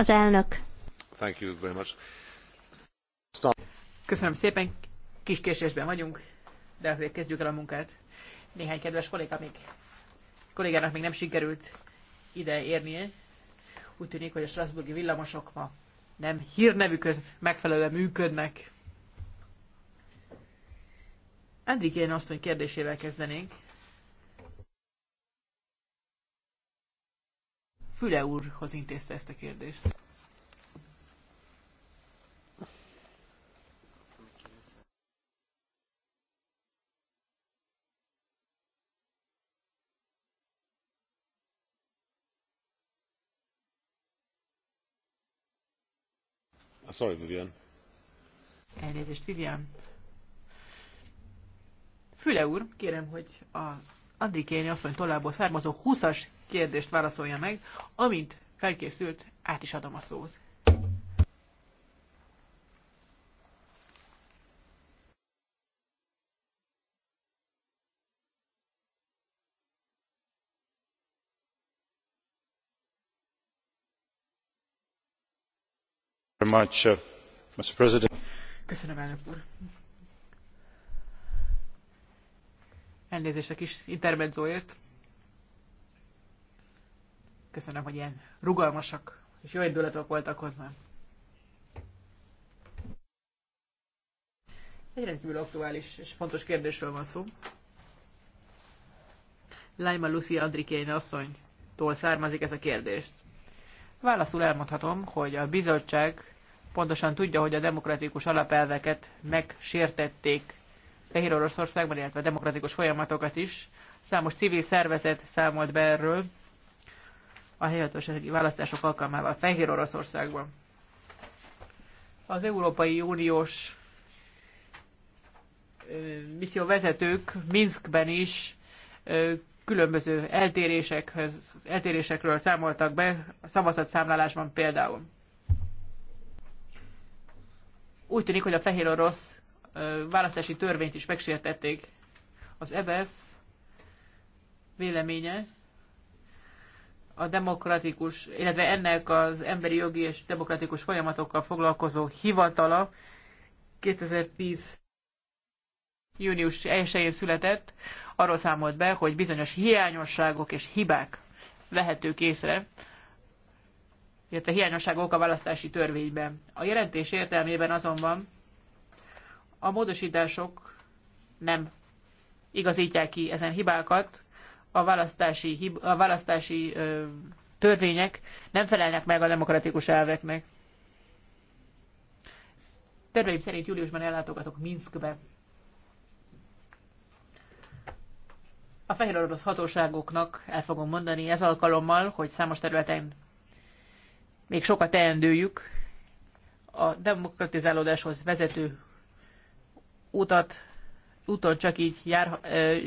Az elnök. Thank you very much. Stop. Köszönöm szépen, kis késésben vagyunk, de azért kezdjük el a munkát. Néhány kedves kolléga még, kollégának még nem sikerült ide érnie. Úgy tűnik, hogy a Strasburgi villamosok ma nem hírnevükhöz megfelelően működnek. azt asszony kérdésével kezdenénk. Füle úrhoz intézte ezt a kérdést. Ah, sorry, Vivian. Elnézést, Vivian. Füle úr, kérem, hogy a Andrikéni asszony tollából származó 20-as kérdést válaszolja meg. Amint felkészült, át is adom a szót. Uh, Köszönöm, elnök úr. Elnézést a kis intermedzóért. Köszönöm, hogy ilyen rugalmasak és jó indulatok voltak hozzám. Egy rendkívül aktuális és fontos kérdésről van szó. Laima Lucy Andrikény asszonytól származik ez a kérdést. Válaszul elmondhatom, hogy a bizottság pontosan tudja, hogy a demokratikus alapelveket megsértették Fehér Oroszországban, illetve a demokratikus folyamatokat is. Számos civil szervezet számolt be erről, a helyhatósági választások alkalmával Fehér Oroszországban. Az Európai Uniós misszió vezetők Minskben is különböző eltérésekhez, eltérésekről számoltak be, a szavazatszámlálásban például. Úgy tűnik, hogy a fehér orosz választási törvényt is megsértették. Az EBS e véleménye a demokratikus, illetve ennek az emberi jogi és demokratikus folyamatokkal foglalkozó hivatala 2010 június 1-én született, arról számolt be, hogy bizonyos hiányosságok és hibák vehetők észre, illetve hiányosságok a választási törvényben. A jelentés értelmében azonban a módosítások nem igazítják ki ezen hibákat, a választási, a választási ö, törvények nem felelnek meg a demokratikus elveknek. Terveim szerint júliusban ellátogatok Minskbe. A fehér orosz hatóságoknak el fogom mondani ez alkalommal, hogy számos területen még sokat teendőjük a demokratizálódáshoz vezető utat úton csak így, jár,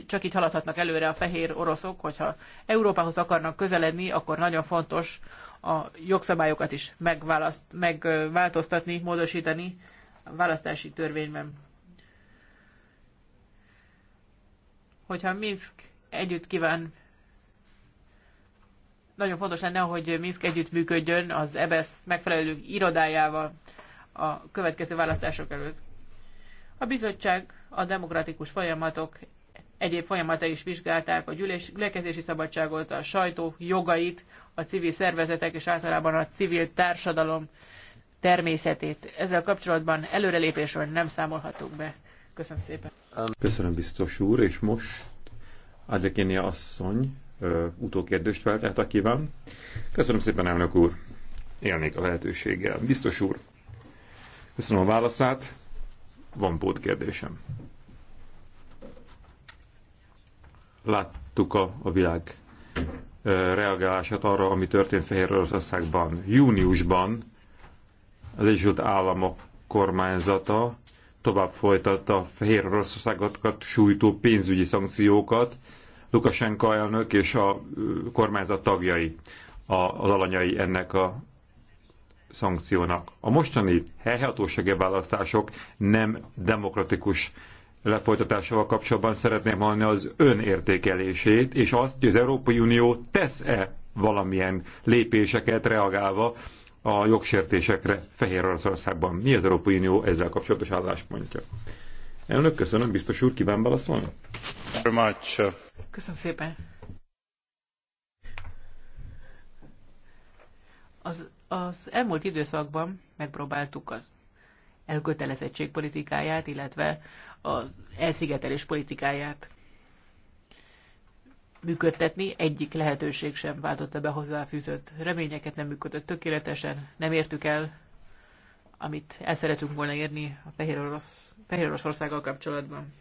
csak így haladhatnak előre a fehér oroszok, hogyha Európához akarnak közeledni, akkor nagyon fontos a jogszabályokat is megváltoztatni, módosítani a választási törvényben. Hogyha Minsk együtt kíván, nagyon fontos lenne, hogy Minsk működjön az EBSZ e megfelelő irodájával a következő választások előtt. A bizottság a demokratikus folyamatok egyéb folyamata is vizsgálták a gyűlés, gyülekezési szabadságot, a sajtó jogait, a civil szervezetek és általában a civil társadalom természetét. Ezzel kapcsolatban előrelépésről nem számolhatunk be. Köszönöm szépen. Köszönöm biztos úr, és most Adekénia asszony utókérdést feltelt, aki van. Köszönöm szépen, elnök úr. Élnék a lehetőséggel. Biztos úr, köszönöm a válaszát. Van pótkérdésem. Láttuk a, a világ reagálását arra, ami történt Fehér Oroszországban. Júniusban az Egyesült Államok kormányzata tovább folytatta a Fehér sújtó pénzügyi szankciókat, Lukasenka elnök és a kormányzat tagjai a, az alanyai ennek a szankciónak. A mostani helyhatósági választások nem demokratikus lefolytatásával kapcsolatban szeretném hallani az önértékelését, és azt, hogy az Európai Unió tesz-e valamilyen lépéseket reagálva a jogsértésekre Fehér Oroszországban. Mi az Európai Unió ezzel kapcsolatos álláspontja? Elnök, köszönöm, biztos úr, kíván válaszolni? Köszönöm szépen. Az az elmúlt időszakban megpróbáltuk az elkötelezettség politikáját, illetve az elszigetelés politikáját működtetni. Egyik lehetőség sem váltotta be hozzáfűzött reményeket, nem működött tökéletesen, nem értük el, amit el szeretünk volna érni a Fehér, Orosz, Fehér Oroszországgal kapcsolatban.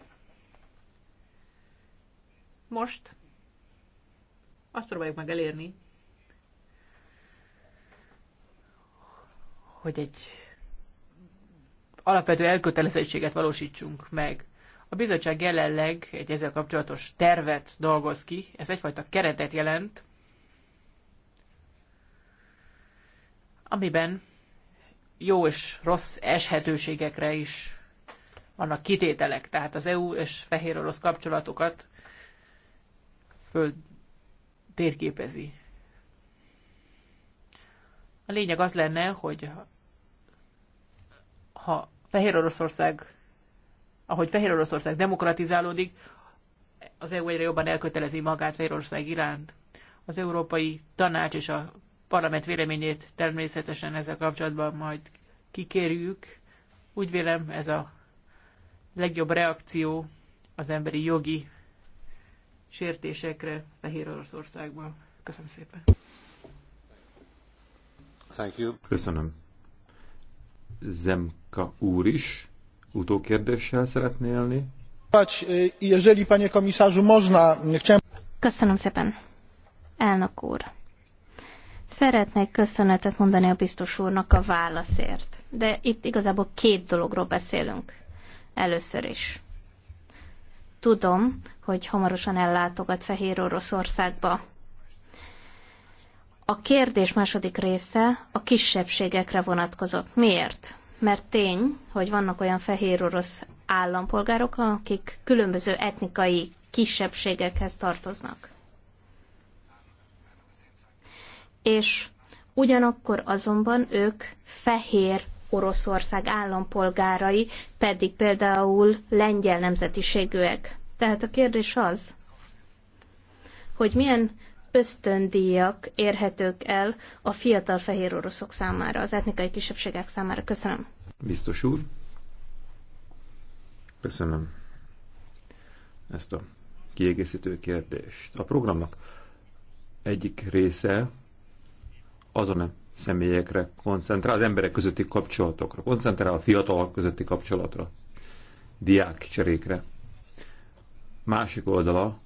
Most azt próbáljuk meg elérni, hogy egy alapvető elkötelezettséget valósítsunk meg. A bizottság jelenleg egy ezzel kapcsolatos tervet dolgoz ki, ez egyfajta keretet jelent, amiben jó és rossz eshetőségekre is vannak kitételek, tehát az EU és fehér orosz kapcsolatokat föl térképezi. A lényeg az lenne, hogy ha Fehér Oroszország, ahogy Fehér Oroszország demokratizálódik, az EU egyre jobban elkötelezi magát Fehér Oroszország iránt. Az Európai Tanács és a parlament véleményét természetesen ezzel kapcsolatban majd kikérjük. Úgy vélem, ez a legjobb reakció az emberi jogi sértésekre Fehér Oroszországban. Köszönöm szépen. Thank you. Köszönöm. Zemka úr is utókérdéssel szeretné élni. E, jeżeli, panie komisarzu, można, chciałem... Köszönöm szépen, elnök úr. Szeretnék köszönetet mondani a biztos úrnak a válaszért, de itt igazából két dologról beszélünk. Először is. Tudom, hogy hamarosan ellátogat Fehér Oroszországba. A kérdés második része a kisebbségekre vonatkozott. Miért? Mert tény, hogy vannak olyan fehér orosz állampolgárok, akik különböző etnikai kisebbségekhez tartoznak. És ugyanakkor azonban ők fehér Oroszország állampolgárai, pedig például lengyel nemzetiségűek. Tehát a kérdés az, hogy milyen ösztöndíjak érhetők el a fiatal fehér oroszok számára, az etnikai kisebbségek számára. Köszönöm. Biztos úr. Köszönöm ezt a kiegészítő kérdést. A programnak egyik része azon a személyekre koncentrál, az emberek közötti kapcsolatokra, koncentrál a fiatalok közötti kapcsolatra, diák cserékre. Másik oldala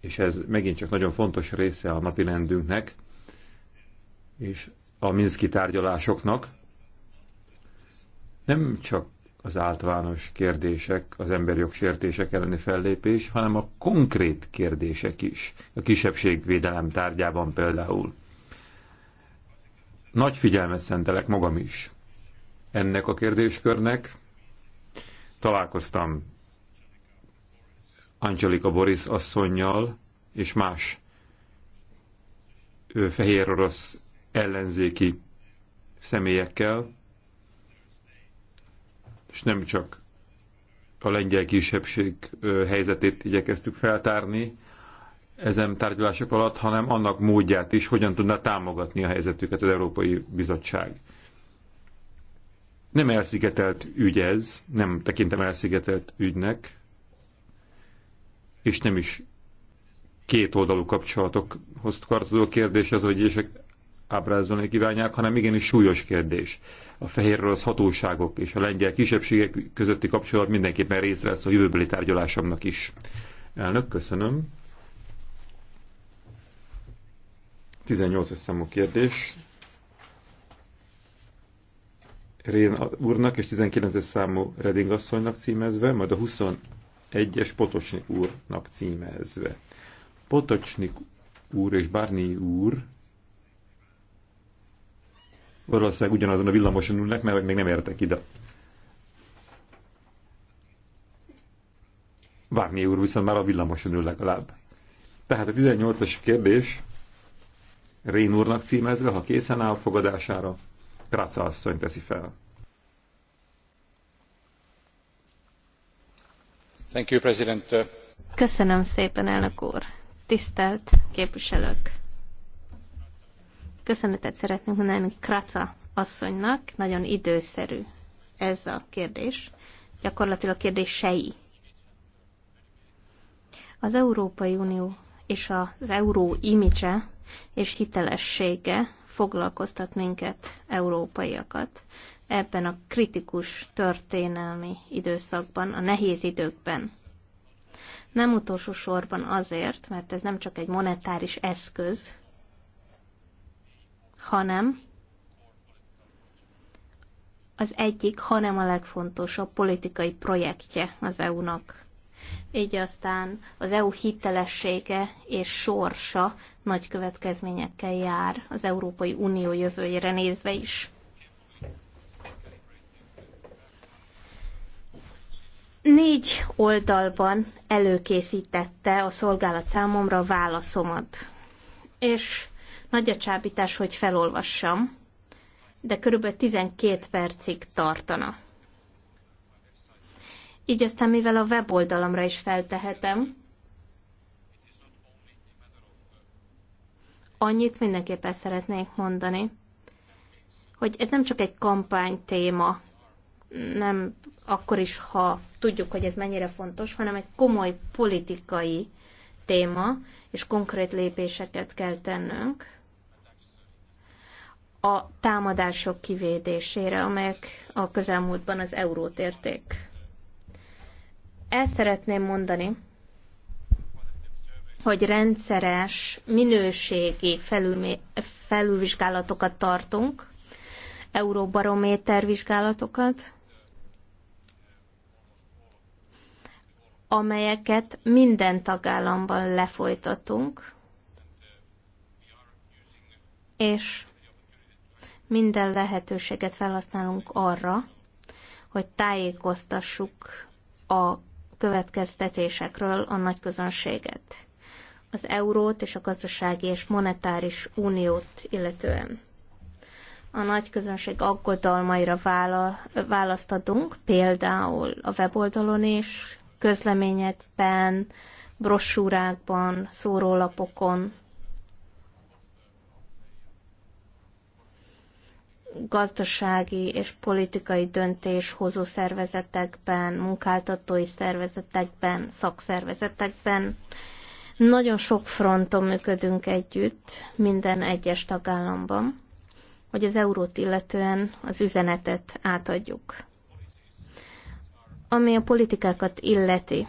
és ez megint csak nagyon fontos része a napi rendünknek, és a Minszki tárgyalásoknak, nem csak az általános kérdések, az emberjog sértések elleni fellépés, hanem a konkrét kérdések is, a kisebbségvédelem tárgyában például. Nagy figyelmet szentelek magam is ennek a kérdéskörnek. Találkoztam Angelika Boris asszonynal és más fehér orosz ellenzéki személyekkel, és nem csak a lengyel kisebbség helyzetét igyekeztük feltárni ezen tárgyalások alatt, hanem annak módját is, hogyan tudná támogatni a helyzetüket az Európai Bizottság. Nem elszigetelt ügy ez, nem tekintem elszigetelt ügynek, és nem is két oldalú kapcsolatokhoz tartozó kérdés az, hogy ések ábrázolni kívánják, hanem igenis súlyos kérdés. A fehérről az hatóságok és a lengyel kisebbségek közötti kapcsolat mindenképpen részt vesz a jövőbeli tárgyalásomnak is. Elnök, köszönöm. 18 számú kérdés. Rén úrnak és 19 számú Reding asszonynak címezve, majd a 20 egyes Potocsnik úrnak címezve. Potocsnik úr és Barni úr valószínűleg ugyanazon a villamoson ülnek, mert még nem értek ide. Várni úr viszont már a villamoson ül legalább. Tehát a 18-as kérdés Rén úrnak címezve, ha készen áll fogadására, Kraca asszony teszi fel. Köszönöm szépen, elnök úr. Tisztelt képviselők! Köszönetet szeretnénk mondani Kraca asszonynak, nagyon időszerű ez a kérdés, gyakorlatilag a kérdései. Az Európai Unió és az euró image és hitelessége foglalkoztat minket, európaiakat, ebben a kritikus történelmi időszakban, a nehéz időkben. Nem utolsó sorban azért, mert ez nem csak egy monetáris eszköz, hanem az egyik, hanem a legfontosabb politikai projektje az EU-nak. Így aztán az EU hitelessége és sorsa nagy következményekkel jár az Európai Unió jövőjére nézve is. Négy oldalban előkészítette a szolgálat számomra a válaszomat, és nagy a csábítás, hogy felolvassam, de körülbelül 12 percig tartana. Így aztán, mivel a weboldalamra is feltehetem, annyit mindenképpen szeretnék mondani, hogy ez nem csak egy kampány téma, nem akkor is, ha tudjuk, hogy ez mennyire fontos, hanem egy komoly politikai téma, és konkrét lépéseket kell tennünk a támadások kivédésére, amelyek a közelmúltban az eurót érték. El szeretném mondani, hogy rendszeres, minőségi felülvizsgálatokat tartunk, euróbarométer vizsgálatokat, amelyeket minden tagállamban lefolytatunk, és minden lehetőséget felhasználunk arra, hogy tájékoztassuk a következtetésekről a nagy közönséget az eurót és a gazdasági és monetáris uniót illetően. A nagy közönség aggodalmaira vála, választ adunk, például a weboldalon is, közleményekben, brossúrákban, szórólapokon, gazdasági és politikai döntéshozó szervezetekben, munkáltatói szervezetekben, szakszervezetekben, nagyon sok fronton működünk együtt, minden egyes tagállamban, hogy az eurót illetően az üzenetet átadjuk. Ami a politikákat illeti.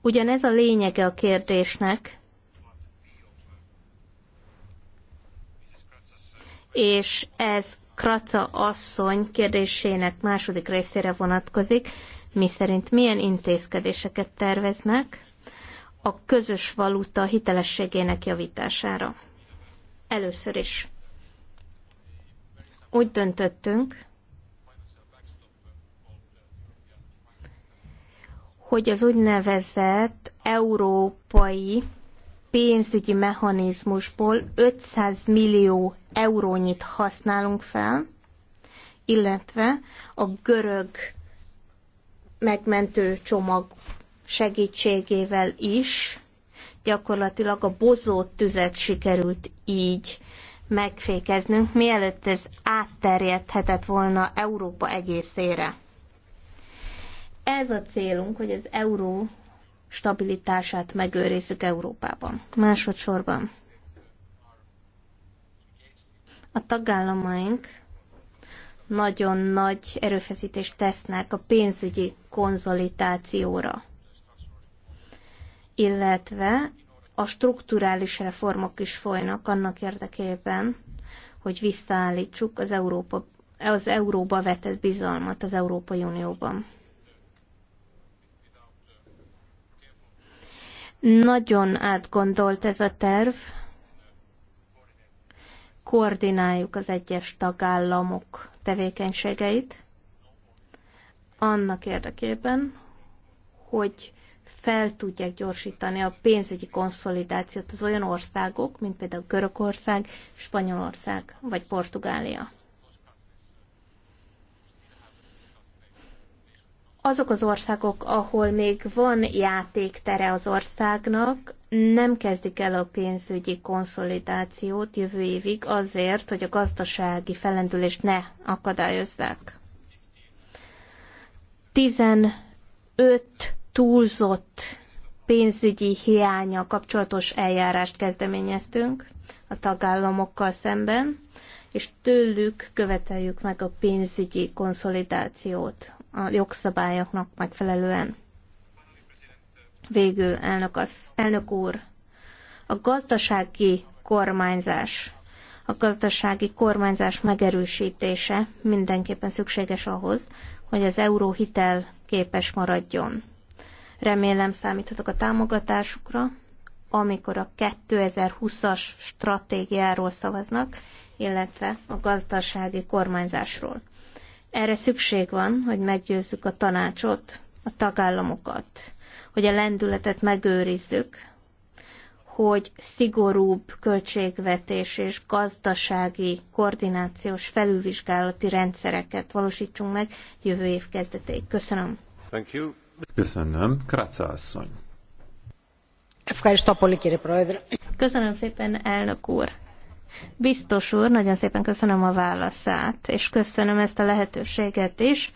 Ugyanez a lényege a kérdésnek, és ez Kraca asszony kérdésének második részére vonatkozik, miszerint milyen intézkedéseket terveznek, a közös valuta hitelességének javítására. Először is úgy döntöttünk, hogy az úgynevezett európai pénzügyi mechanizmusból 500 millió eurónyit használunk fel, illetve a görög megmentő csomag segítségével is gyakorlatilag a bozót tüzet sikerült így megfékeznünk, mielőtt ez átterjedhetett volna Európa egészére. Ez a célunk, hogy az euró stabilitását megőrizzük Európában. Másodszorban a tagállamaink nagyon nagy erőfeszítést tesznek a pénzügyi konzolitációra illetve a strukturális reformok is folynak annak érdekében, hogy visszaállítsuk az, Európa, az euróba vetett bizalmat az Európai Unióban. Nagyon átgondolt ez a terv. Koordináljuk az egyes tagállamok tevékenységeit annak érdekében, hogy fel tudják gyorsítani a pénzügyi konszolidációt az olyan országok, mint például Görögország, Spanyolország vagy Portugália. Azok az országok, ahol még van játéktere az országnak, nem kezdik el a pénzügyi konszolidációt jövő évig azért, hogy a gazdasági fellendülést ne akadályozzák. 15 túlzott pénzügyi hiánya kapcsolatos eljárást kezdeményeztünk a tagállamokkal szemben, és tőlük követeljük meg a pénzügyi konszolidációt a jogszabályoknak megfelelően. Végül, elnök, az, elnök úr, a gazdasági kormányzás, a gazdasági kormányzás megerősítése mindenképpen szükséges ahhoz, hogy az euró hitel képes maradjon Remélem számíthatok a támogatásukra, amikor a 2020-as stratégiáról szavaznak, illetve a gazdasági kormányzásról. Erre szükség van, hogy meggyőzzük a tanácsot, a tagállamokat, hogy a lendületet megőrizzük, hogy szigorúbb költségvetés és gazdasági koordinációs felülvizsgálati rendszereket valósítsunk meg jövő év kezdetéig. Köszönöm. Thank you. Köszönöm. Kráca asszony. Köszönöm szépen, elnök úr. Biztos úr, nagyon szépen köszönöm a válaszát, és köszönöm ezt a lehetőséget is,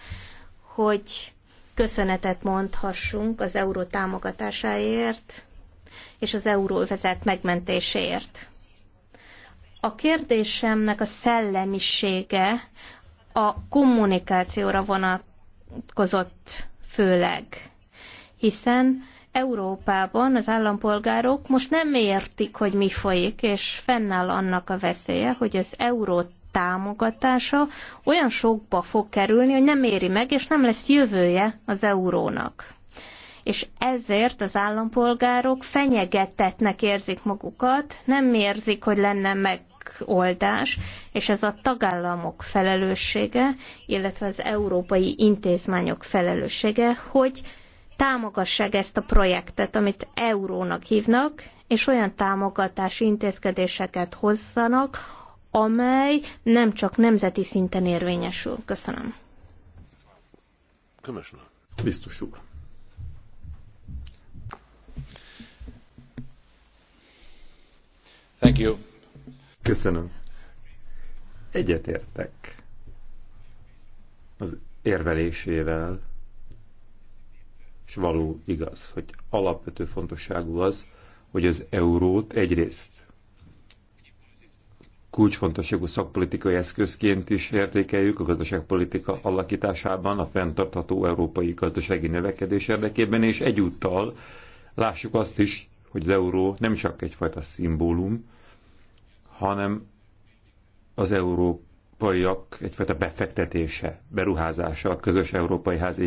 hogy köszönetet mondhassunk az euró támogatásáért és az euróvezet megmentéséért. A kérdésemnek a szellemisége a kommunikációra vonatkozott főleg, hiszen Európában az állampolgárok most nem értik, hogy mi folyik, és fennáll annak a veszélye, hogy az euró támogatása olyan sokba fog kerülni, hogy nem éri meg, és nem lesz jövője az eurónak. És ezért az állampolgárok fenyegetetnek érzik magukat, nem érzik, hogy lenne meg megoldás, és ez a tagállamok felelőssége, illetve az európai intézmények felelőssége, hogy támogassák ezt a projektet, amit eurónak hívnak, és olyan támogatási intézkedéseket hozzanak, amely nem csak nemzeti szinten érvényesül. Köszönöm. Köszönöm. Biztos úr. Thank you. Köszönöm. Egyetértek az érvelésével, és való igaz, hogy alapvető fontosságú az, hogy az eurót egyrészt kulcsfontosságú szakpolitikai eszközként is értékeljük a gazdaságpolitika alakításában, a fenntartható európai gazdasági növekedés érdekében, és egyúttal lássuk azt is, hogy az euró nem csak egyfajta szimbólum, hanem az európaiak egyfajta befektetése, beruházása a közös európai ház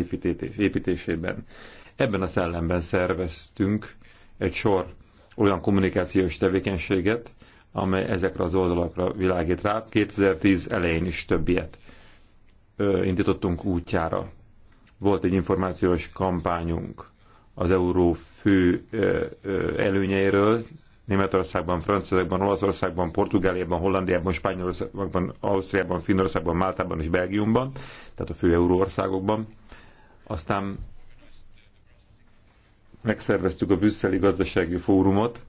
építésében. Ebben a szellemben szerveztünk egy sor olyan kommunikációs tevékenységet, amely ezekre az oldalakra világít rá. 2010 elején is több ilyet ö, indítottunk útjára. Volt egy információs kampányunk az euró fő ö, ö, előnyeiről, Németországban, Franciaországban, Olaszországban, Portugáliában, Hollandiában, Spanyolországban, Ausztriában, Finnországban, Máltában és Belgiumban, tehát a fő euróországokban. Aztán megszerveztük a Brüsszeli Gazdasági Fórumot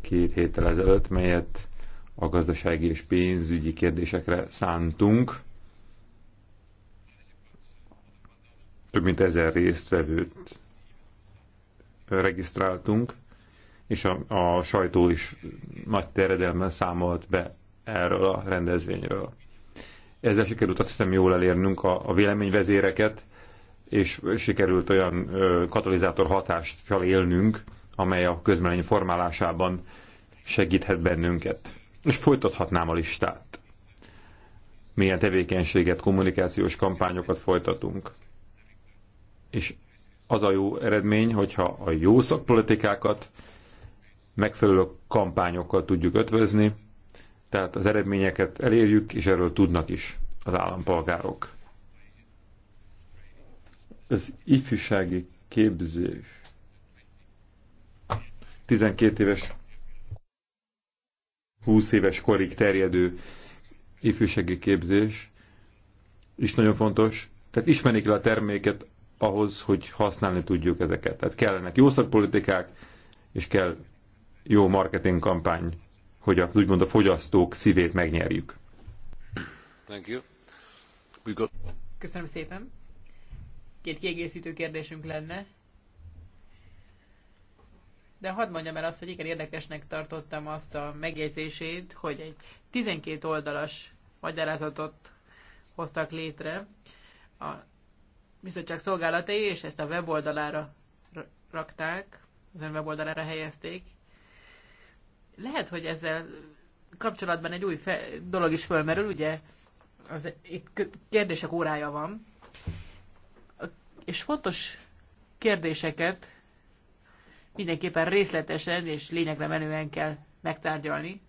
két héttel ezelőtt, melyet a gazdasági és pénzügyi kérdésekre szántunk. Több mint ezer résztvevőt regisztráltunk, és a, a sajtó is nagy teredelmen számolt be erről a rendezvényről. Ezzel sikerült azt hiszem jól elérnünk a, a véleményvezéreket, és sikerült olyan ö, katalizátor hatást élnünk, amely a közmelény formálásában segíthet bennünket. És folytathatnám a listát. Milyen tevékenységet, kommunikációs kampányokat folytatunk. És az a jó eredmény, hogyha a jó szakpolitikákat megfelelő kampányokkal tudjuk ötvözni, tehát az eredményeket elérjük, és erről tudnak is az állampolgárok. Az ifjúsági képzés. 12 éves, 20 éves korig terjedő ifjúsági képzés is nagyon fontos. Tehát ismerik le a terméket ahhoz, hogy használni tudjuk ezeket. Tehát kellenek jó szakpolitikák, és kell jó marketing kampány, hogy a, úgymond a fogyasztók szívét megnyerjük. Thank you. We got... Köszönöm szépen. Két kiegészítő kérdésünk lenne. De hadd mondjam el azt, hogy igen érdekesnek tartottam azt a megjegyzését, hogy egy 12 oldalas magyarázatot hoztak létre a bizottság szolgálatai, és ezt a weboldalára rakták, az ön weboldalára helyezték. Lehet, hogy ezzel kapcsolatban egy új fe- dolog is fölmerül, ugye az itt kérdések órája van, és fontos kérdéseket mindenképpen részletesen és lényegre menően kell megtárgyalni.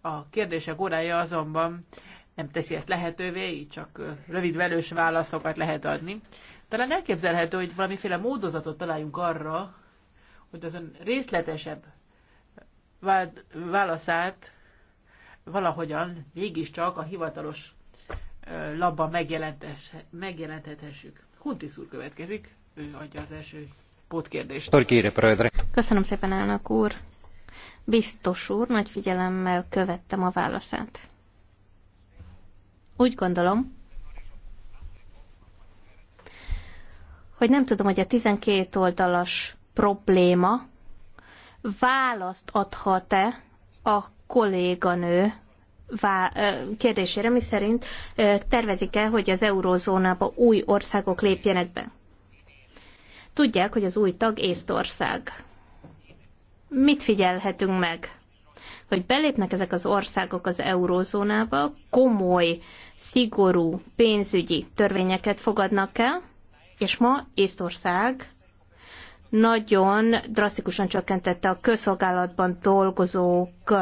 A kérdések órája azonban nem teszi ezt lehetővé, így csak rövid velős válaszokat lehet adni. Talán elképzelhető, hogy valamiféle módozatot találjunk arra, hogy azon részletesebb válaszát valahogyan mégiscsak a hivatalos labban megjelentethessük. Huntis úr következik, ő adja az első pótkérdést. Köszönöm szépen, elnök úr. Biztos úr, nagy figyelemmel követtem a válaszát. Úgy gondolom, hogy nem tudom, hogy a 12 oldalas probléma választ adhat-e a kolléganő kérdésére, miszerint tervezik-e, hogy az eurózónába új országok lépjenek be? Tudják, hogy az új tag Észtország. Mit figyelhetünk meg? Hogy belépnek ezek az országok az eurózónába, komoly, szigorú pénzügyi törvényeket fogadnak el, és ma Észtország nagyon drasztikusan csökkentette a közszolgálatban dolgozók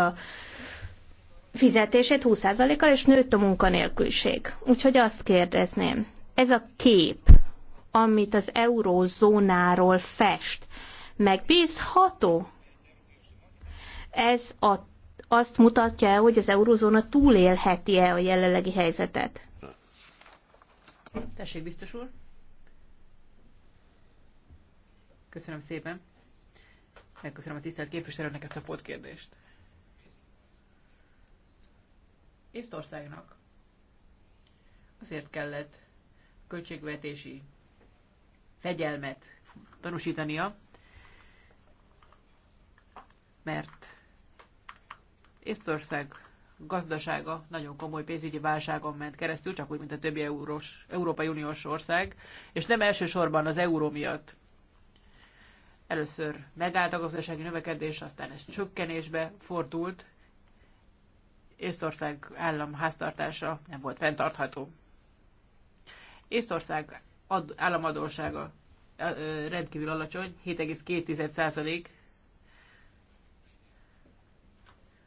fizetését 20%-kal, és nőtt a munkanélküliség. Úgyhogy azt kérdezném, ez a kép, amit az eurózónáról fest, megbízható? Ez a, azt mutatja -e, hogy az eurózóna túlélheti-e a jelenlegi helyzetet? Tessék, biztos úr. Köszönöm szépen. Megköszönöm a tisztelt képviselőnek ezt a pótkérdést. Észtországnak azért kellett költségvetési fegyelmet tanúsítania, mert Észtország gazdasága nagyon komoly pénzügyi válságon ment keresztül, csak úgy, mint a többi eurós, Európai Uniós ország, és nem elsősorban az euró miatt. Először megállt a gazdasági növekedés, aztán ez csökkenésbe fordult. Észtország állam háztartása nem volt fenntartható. Észtország ad, államadósága rendkívül alacsony, 7,2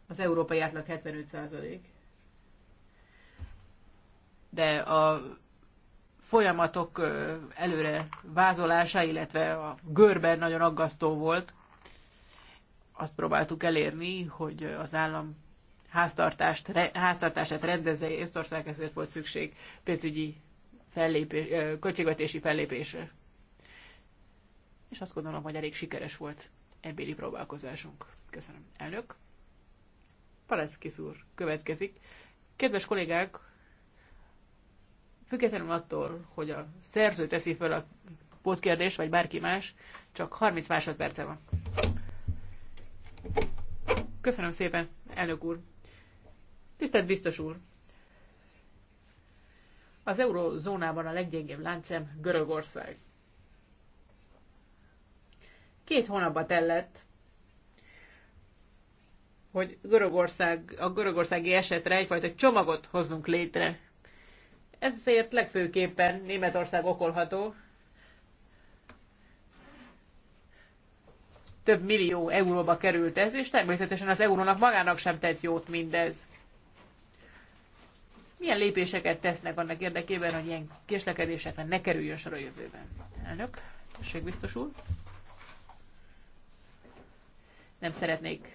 az európai átlag 75 százalék. De a folyamatok előre vázolása, illetve a görbe nagyon aggasztó volt. Azt próbáltuk elérni, hogy az állam háztartást, háztartását rendezze, Észtország ezért volt szükség pénzügyi fellépés, költségvetési fellépésre. És azt gondolom, hogy elég sikeres volt ebbéli próbálkozásunk. Köszönöm. Elnök. Paleszkis úr következik. Kedves kollégák, Függetlenül attól, hogy a szerző teszi fel a pótkérdés, vagy bárki más, csak 30 másodperce van. Köszönöm szépen, elnök úr. Tisztelt biztos úr! Az eurozónában a leggyengébb láncem Görögország. Két hónapba tellett, hogy Görögország, a görögországi esetre egyfajta csomagot hozzunk létre. Ezért legfőképpen Németország okolható. Több millió euróba került ez, és természetesen az eurónak magának sem tett jót mindez. Milyen lépéseket tesznek annak érdekében, hogy ilyen késlekedésekre ne kerüljön sor a jövőben? Elnök, tessék biztos úr. Nem szeretnék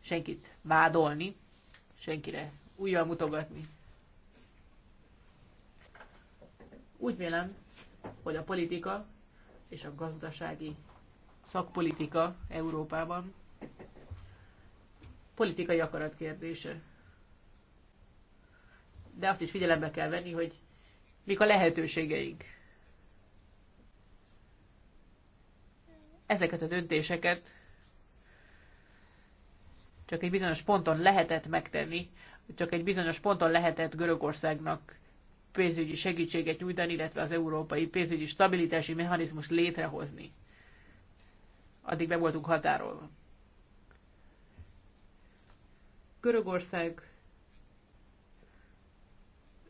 senkit vádolni, senkire újra mutogatni. Úgy vélem, hogy a politika és a gazdasági szakpolitika Európában politikai akarat kérdése. De azt is figyelembe kell venni, hogy mik a lehetőségeink. Ezeket a döntéseket csak egy bizonyos ponton lehetett megtenni, csak egy bizonyos ponton lehetett Görögországnak pénzügyi segítséget nyújtani, illetve az európai pénzügyi stabilitási mechanizmus létrehozni. Addig be voltunk határolva. Görögország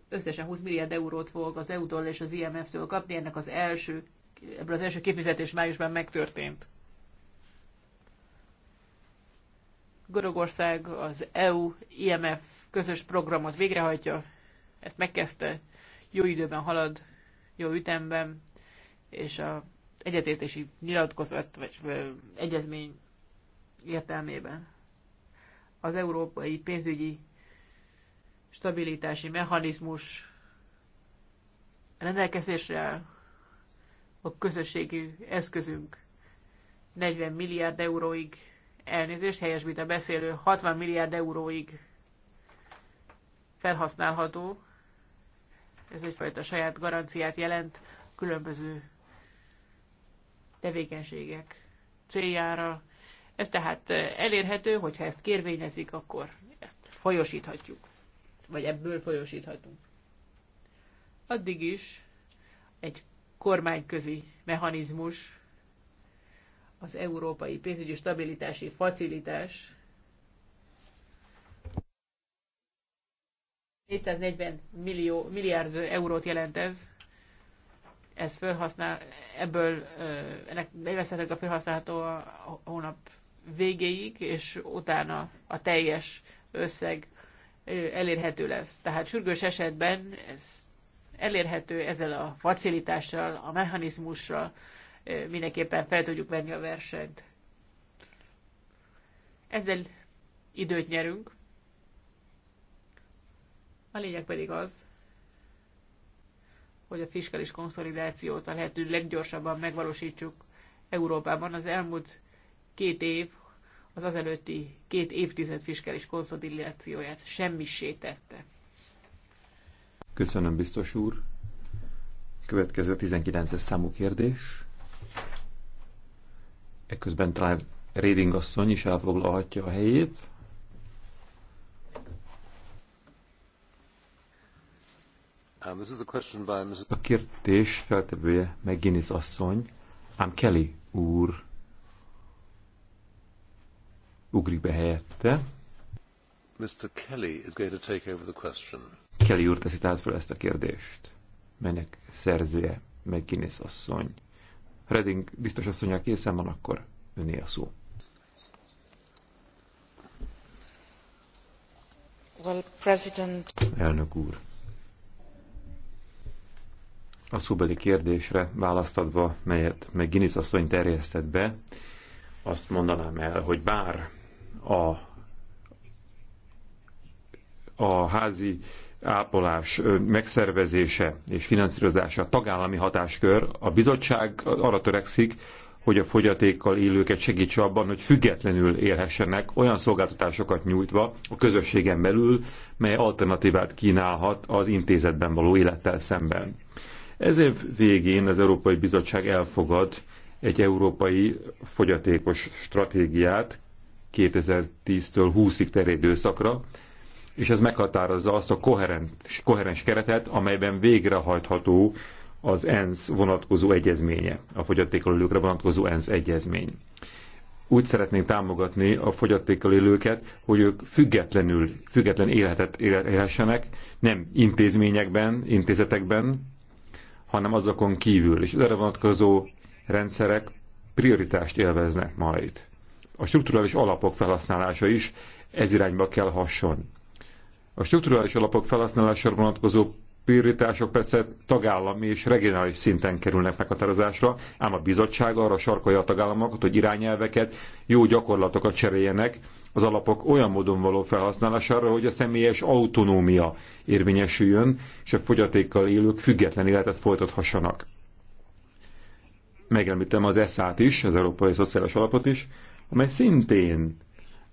összesen 20 milliárd eurót fog az EU-tól és az IMF-től kapni, ennek az első, ebből az első kifizetés májusban megtörtént. Görögország az EU-IMF közös programot végrehajtja, ezt megkezdte jó időben halad, jó ütemben, és a egyetértési nyilatkozat vagy ö, egyezmény értelmében. Az európai pénzügyi stabilitási mechanizmus rendelkezésre a közösségi eszközünk 40 milliárd euróig, elnézést, helyesbít a beszélő, 60 milliárd euróig felhasználható, ez egyfajta saját garanciát jelent különböző tevékenységek céljára. Ez tehát eh, elérhető, hogyha ezt kérvényezik, akkor ezt folyosíthatjuk, vagy ebből folyosíthatunk. Addig is egy kormányközi mechanizmus, az európai pénzügyi stabilitási facilitás 740 millió, milliárd eurót jelent ez, ez felhasznál, ebből ennek megveszhetők a felhasználható a hónap végéig, és utána a teljes összeg elérhető lesz. Tehát sürgős esetben ez elérhető ezzel a facilitással, a mechanizmussal mindenképpen fel tudjuk venni a versenyt. Ezzel időt nyerünk, a lényeg pedig az, hogy a fiskális konszolidációt a lehető leggyorsabban megvalósítsuk Európában. Az elmúlt két év, az azelőtti két évtized fiskális konszolidációját semmisé tette. Köszönöm, biztos úr. Következő 19 számú kérdés. Ekközben talán Réding asszony is elfoglalhatja a helyét. Um, a kérdés feltevője McGinnis asszony, ám Kelly úr ugrik be helyette. Mr. Kelly is going to take over the question. Kelly úr teszi tehát fel ezt a kérdést, melynek szerzője McGinnis asszony. Redding biztos asszonya készen van, akkor öné a szó. Well, President... Elnök úr, a szóbeli kérdésre választ adva, melyet meg Guinness asszony terjesztett be, azt mondanám el, hogy bár a, a házi ápolás megszervezése és finanszírozása tagállami hatáskör, a bizottság arra törekszik, hogy a fogyatékkal élőket segítse abban, hogy függetlenül élhessenek, olyan szolgáltatásokat nyújtva a közösségen belül, mely alternatívát kínálhat az intézetben való élettel szemben. Ez év végén az Európai Bizottság elfogad egy európai fogyatékos stratégiát 2010-től 20-ig szakra, és ez meghatározza azt a koherens, koherens keretet, amelyben végrehajtható az ENSZ vonatkozó egyezménye, a fogyatékkal élőkre vonatkozó ENSZ egyezmény. Úgy szeretnénk támogatni a fogyatékkal élőket, hogy ők függetlenül, független életet élhessenek, nem intézményekben, intézetekben, hanem azokon kívül is. Erre vonatkozó rendszerek prioritást élveznek majd. A strukturális alapok felhasználása is ez irányba kell hasson. A strukturális alapok felhasználására vonatkozó prioritások persze tagállami és regionális szinten kerülnek meghatározásra, ám a bizottság arra sarkolja a tagállamokat, hogy irányelveket, jó gyakorlatokat cseréljenek, az alapok olyan módon való felhasználására, hogy a személyes autonómia érvényesüljön, és a fogyatékkal élők független életet folytathassanak. Megemlítem az ESZÁ-t is, az Európai Szociális Alapot is, amely szintén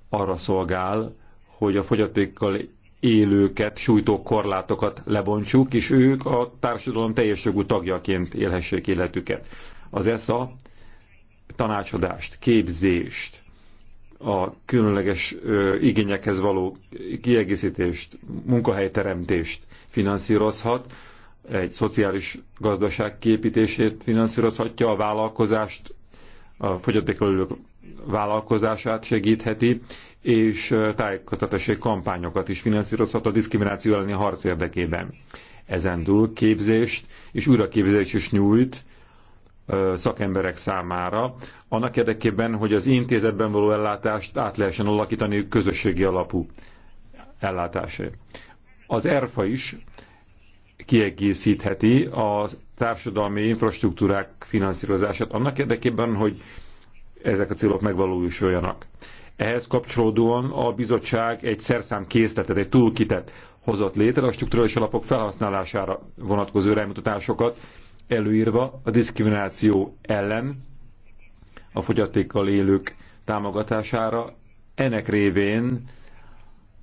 arra szolgál, hogy a fogyatékkal élőket, sújtó korlátokat lebontsuk, és ők a társadalom teljes jogú tagjaként élhessék életüket. Az ESZA tanácsadást, képzést, a különleges ö, igényekhez való kiegészítést, munkahelyteremtést finanszírozhat, egy szociális gazdaság képítését finanszírozhatja, a vállalkozást, a fogyatékkal vállalkozását segítheti, és tájékoztatási kampányokat is finanszírozhat a diszkrimináció elleni harc érdekében. Ezen túl képzést és újraképzést is nyújt, szakemberek számára, annak érdekében, hogy az intézetben való ellátást át lehessen alakítani közösségi alapú ellátásé. Az ERFA is kiegészítheti a társadalmi infrastruktúrák finanszírozását annak érdekében, hogy ezek a célok megvalósuljanak. Ehhez kapcsolódóan a bizottság egy szerszám készletet, egy túlkitet hozott létre a struktúrális alapok felhasználására vonatkozó rámutatásokat, előírva a diszkrimináció ellen a fogyatékkal élők támogatására. Ennek révén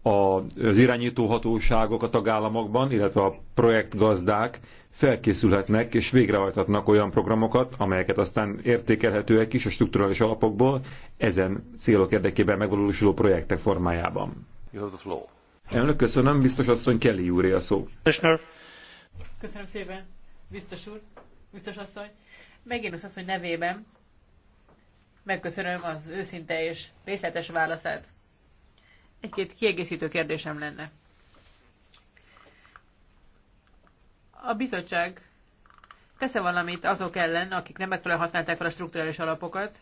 az irányító hatóságok a tagállamokban, illetve a projektgazdák felkészülhetnek és végrehajthatnak olyan programokat, amelyeket aztán értékelhetőek is a strukturális alapokból ezen célok érdekében megvalósuló projektek formájában. You have the floor. Elnök, köszönöm, biztos asszony Kelly úré a szó. Köszönöm szépen, biztos úr biztos asszony, megint az hogy nevében megköszönöm az őszinte és részletes válaszát. Egy-két kiegészítő kérdésem lenne. A bizottság tesz-e valamit azok ellen, akik nem megfelelően használták fel a strukturális alapokat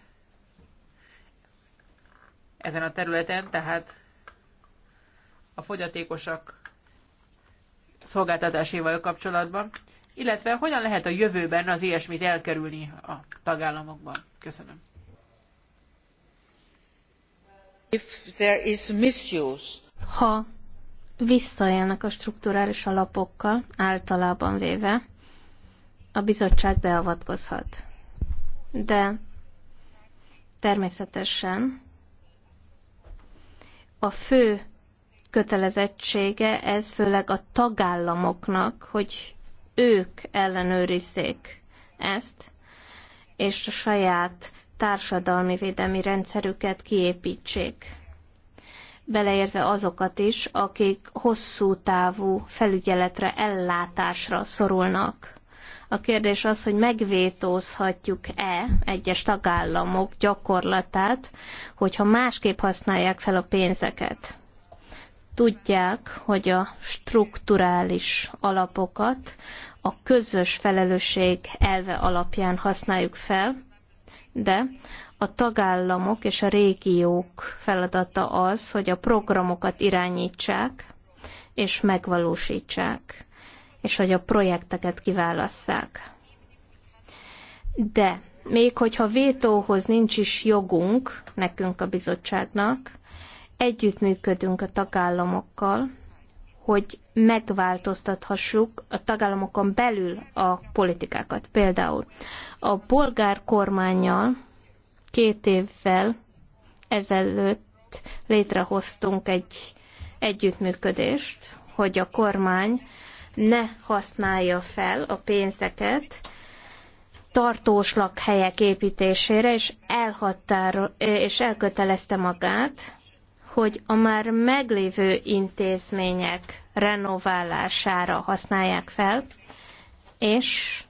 ezen a területen, tehát a fogyatékosak szolgáltatásával kapcsolatban illetve hogyan lehet a jövőben az ilyesmit elkerülni a tagállamokban. Köszönöm. If there is misuse. Ha visszaélnek a strukturális alapokkal, általában véve, a bizottság beavatkozhat. De természetesen a fő kötelezettsége ez főleg a tagállamoknak, hogy ők ellenőrizzék ezt, és a saját társadalmi védelmi rendszerüket kiépítsék. Beleértve azokat is, akik hosszú távú felügyeletre, ellátásra szorulnak. A kérdés az, hogy megvétózhatjuk-e egyes tagállamok gyakorlatát, hogyha másképp használják fel a pénzeket. Tudják, hogy a strukturális alapokat a közös felelősség elve alapján használjuk fel, de a tagállamok és a régiók feladata az, hogy a programokat irányítsák és megvalósítsák, és hogy a projekteket kiválasszák. De még hogyha vétóhoz nincs is jogunk, nekünk a bizottságnak, együttműködünk a tagállamokkal, hogy megváltoztathassuk a tagállamokon belül a politikákat. Például a bolgár kormányjal két évvel ezelőtt létrehoztunk egy együttműködést, hogy a kormány ne használja fel a pénzeket tartós lakhelyek építésére, és, elhatárol, és elkötelezte magát, hogy a már meglévő intézmények renoválására használják fel, és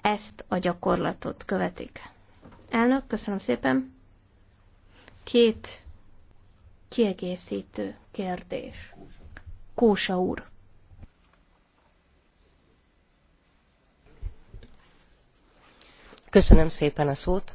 ezt a gyakorlatot követik. Elnök, köszönöm szépen. Két kiegészítő kérdés. Kósa úr. Köszönöm szépen a szót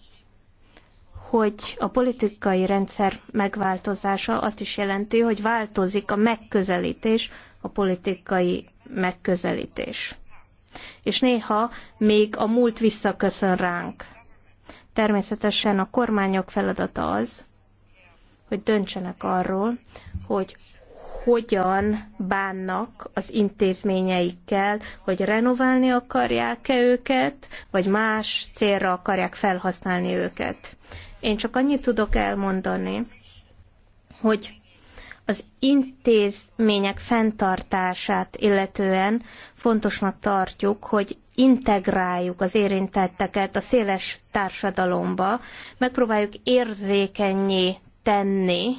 hogy a politikai rendszer megváltozása azt is jelenti, hogy változik a megközelítés, a politikai megközelítés. És néha még a múlt visszaköszön ránk. Természetesen a kormányok feladata az, hogy döntsenek arról, hogy hogyan bánnak az intézményeikkel, hogy renoválni akarják-e őket, vagy más célra akarják felhasználni őket. Én csak annyit tudok elmondani, hogy az intézmények fenntartását illetően fontosnak tartjuk, hogy integráljuk az érintetteket a széles társadalomba, megpróbáljuk érzékenyé tenni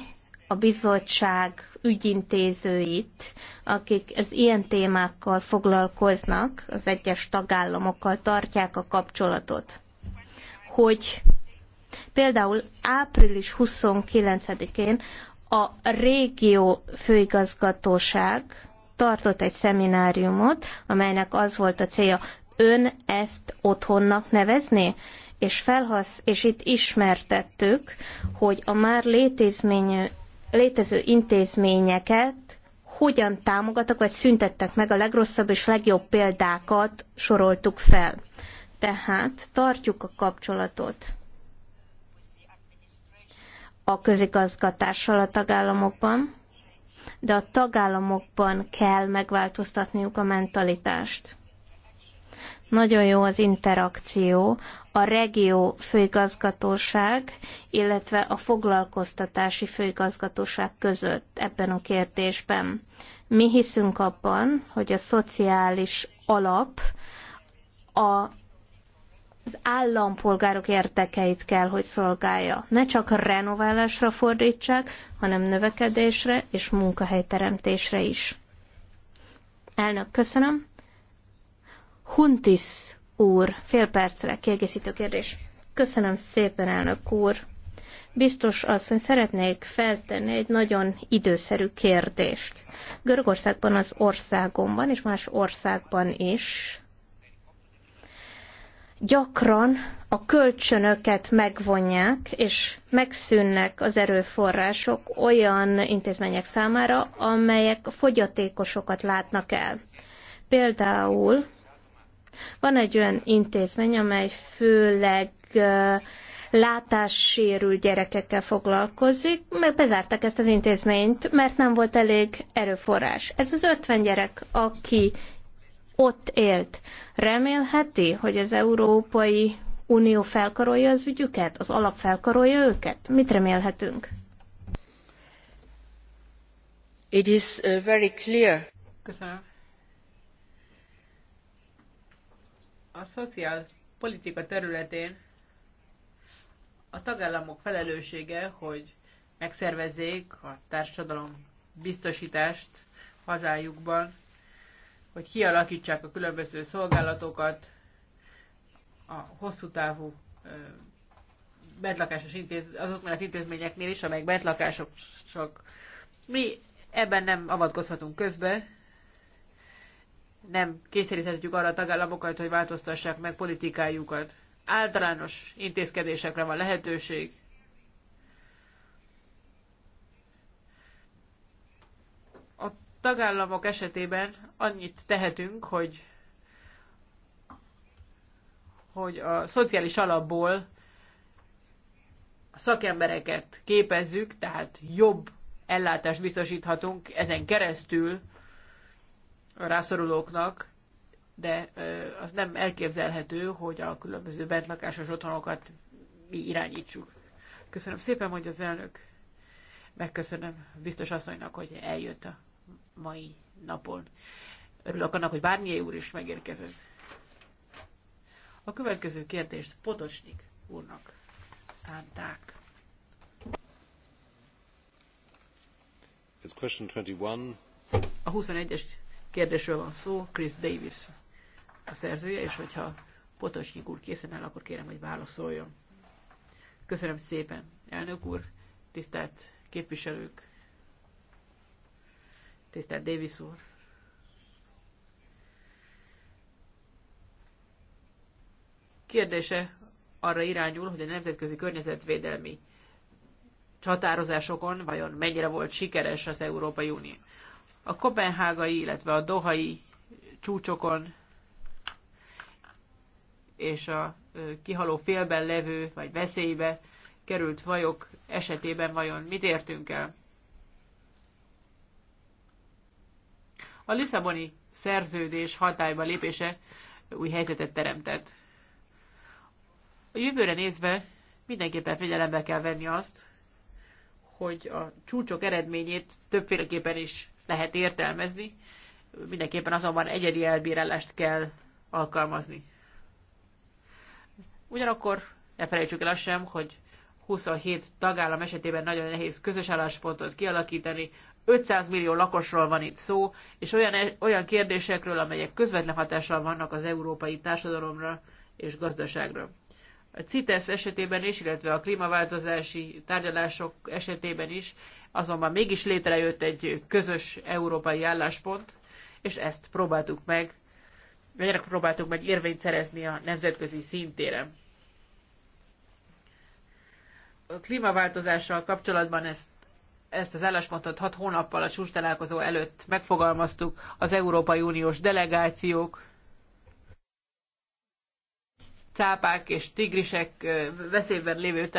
a bizottság ügyintézőit, akik az ilyen témákkal foglalkoznak, az egyes tagállamokkal tartják a kapcsolatot, hogy Például április 29-én a régió főigazgatóság tartott egy szemináriumot, amelynek az volt a célja, ön ezt otthonnak nevezni? És, felhasz, és itt ismertettük, hogy a már létező intézményeket hogyan támogatok, vagy szüntettek meg a legrosszabb és legjobb példákat soroltuk fel. Tehát tartjuk a kapcsolatot a közigazgatással a tagállamokban, de a tagállamokban kell megváltoztatniuk a mentalitást. Nagyon jó az interakció, a regió főigazgatóság, illetve a foglalkoztatási főigazgatóság között ebben a kérdésben. Mi hiszünk abban, hogy a szociális alap a az állampolgárok érdekeit kell, hogy szolgálja. Ne csak renoválásra fordítsák, hanem növekedésre és munkahelyteremtésre is. Elnök, köszönöm. Huntis úr, fél percre kiegészítő kérdés. Köszönöm szépen, elnök úr. Biztos asszony, szeretnék feltenni egy nagyon időszerű kérdést. Görögországban, az országomban és más országban is gyakran a kölcsönöket megvonják, és megszűnnek az erőforrások olyan intézmények számára, amelyek fogyatékosokat látnak el. Például van egy olyan intézmény, amely főleg látássérült gyerekekkel foglalkozik, mert bezárták ezt az intézményt, mert nem volt elég erőforrás. Ez az 50 gyerek, aki ott élt. Remélheti, hogy az Európai Unió felkarolja az ügyüket, az alap felkarolja őket? Mit remélhetünk? It is uh, very clear. Köszönöm. A szociálpolitika területén a tagállamok felelőssége, hogy megszervezzék a társadalom biztosítást hazájukban, hogy kialakítsák a különböző szolgálatokat, a hosszú távú bentlakásos intéz, azoknál az intézményeknél is, amelyek bentlakások csak. Mi ebben nem avatkozhatunk közbe, nem kényszeríthetjük arra a tagállamokat, hogy változtassák meg politikájukat. Általános intézkedésekre van lehetőség, tagállamok esetében annyit tehetünk, hogy, hogy a szociális alapból a szakembereket képezzük, tehát jobb ellátást biztosíthatunk ezen keresztül a rászorulóknak, de az nem elképzelhető, hogy a különböző bentlakásos otthonokat mi irányítsuk. Köszönöm szépen, mondja az elnök. Megköszönöm biztos asszonynak, hogy eljött a mai napon. Örülök annak, hogy bármilyen úr is megérkezett. A következő kérdést Potocsnik úrnak szánták. It's question 21. A 21-es kérdésről van szó, Chris Davis a szerzője, és hogyha Potocsnyik úr készen áll, akkor kérem, hogy válaszoljon. Köszönöm szépen, elnök úr, tisztelt képviselők, Tisztelt Davis úr! Kérdése arra irányul, hogy a nemzetközi környezetvédelmi csatározásokon vajon mennyire volt sikeres az Európai Unió. A kopenhágai, illetve a dohai csúcsokon és a kihaló félben levő vagy veszélybe került fajok esetében vajon mit értünk el? A Lisszaboni szerződés hatályba lépése új helyzetet teremtett. A jövőre nézve mindenképpen figyelembe kell venni azt, hogy a csúcsok eredményét többféleképpen is lehet értelmezni, mindenképpen azonban egyedi elbírálást kell alkalmazni. Ugyanakkor ne felejtsük el azt sem, hogy 27 tagállam esetében nagyon nehéz közös álláspontot kialakítani, 500 millió lakosról van itt szó, és olyan, olyan kérdésekről, amelyek közvetlen hatással vannak az európai társadalomra és gazdaságra. A CITES esetében is, illetve a klímaváltozási tárgyalások esetében is, azonban mégis létrejött egy közös európai álláspont, és ezt próbáltuk meg, vagy ennek próbáltuk meg érvényt szerezni a nemzetközi szintére. A klímaváltozással kapcsolatban ezt ezt az álláspontot hat hónappal a csúcs találkozó előtt megfogalmaztuk az Európai Uniós delegációk, cápák és tigrisek, veszélyben lévő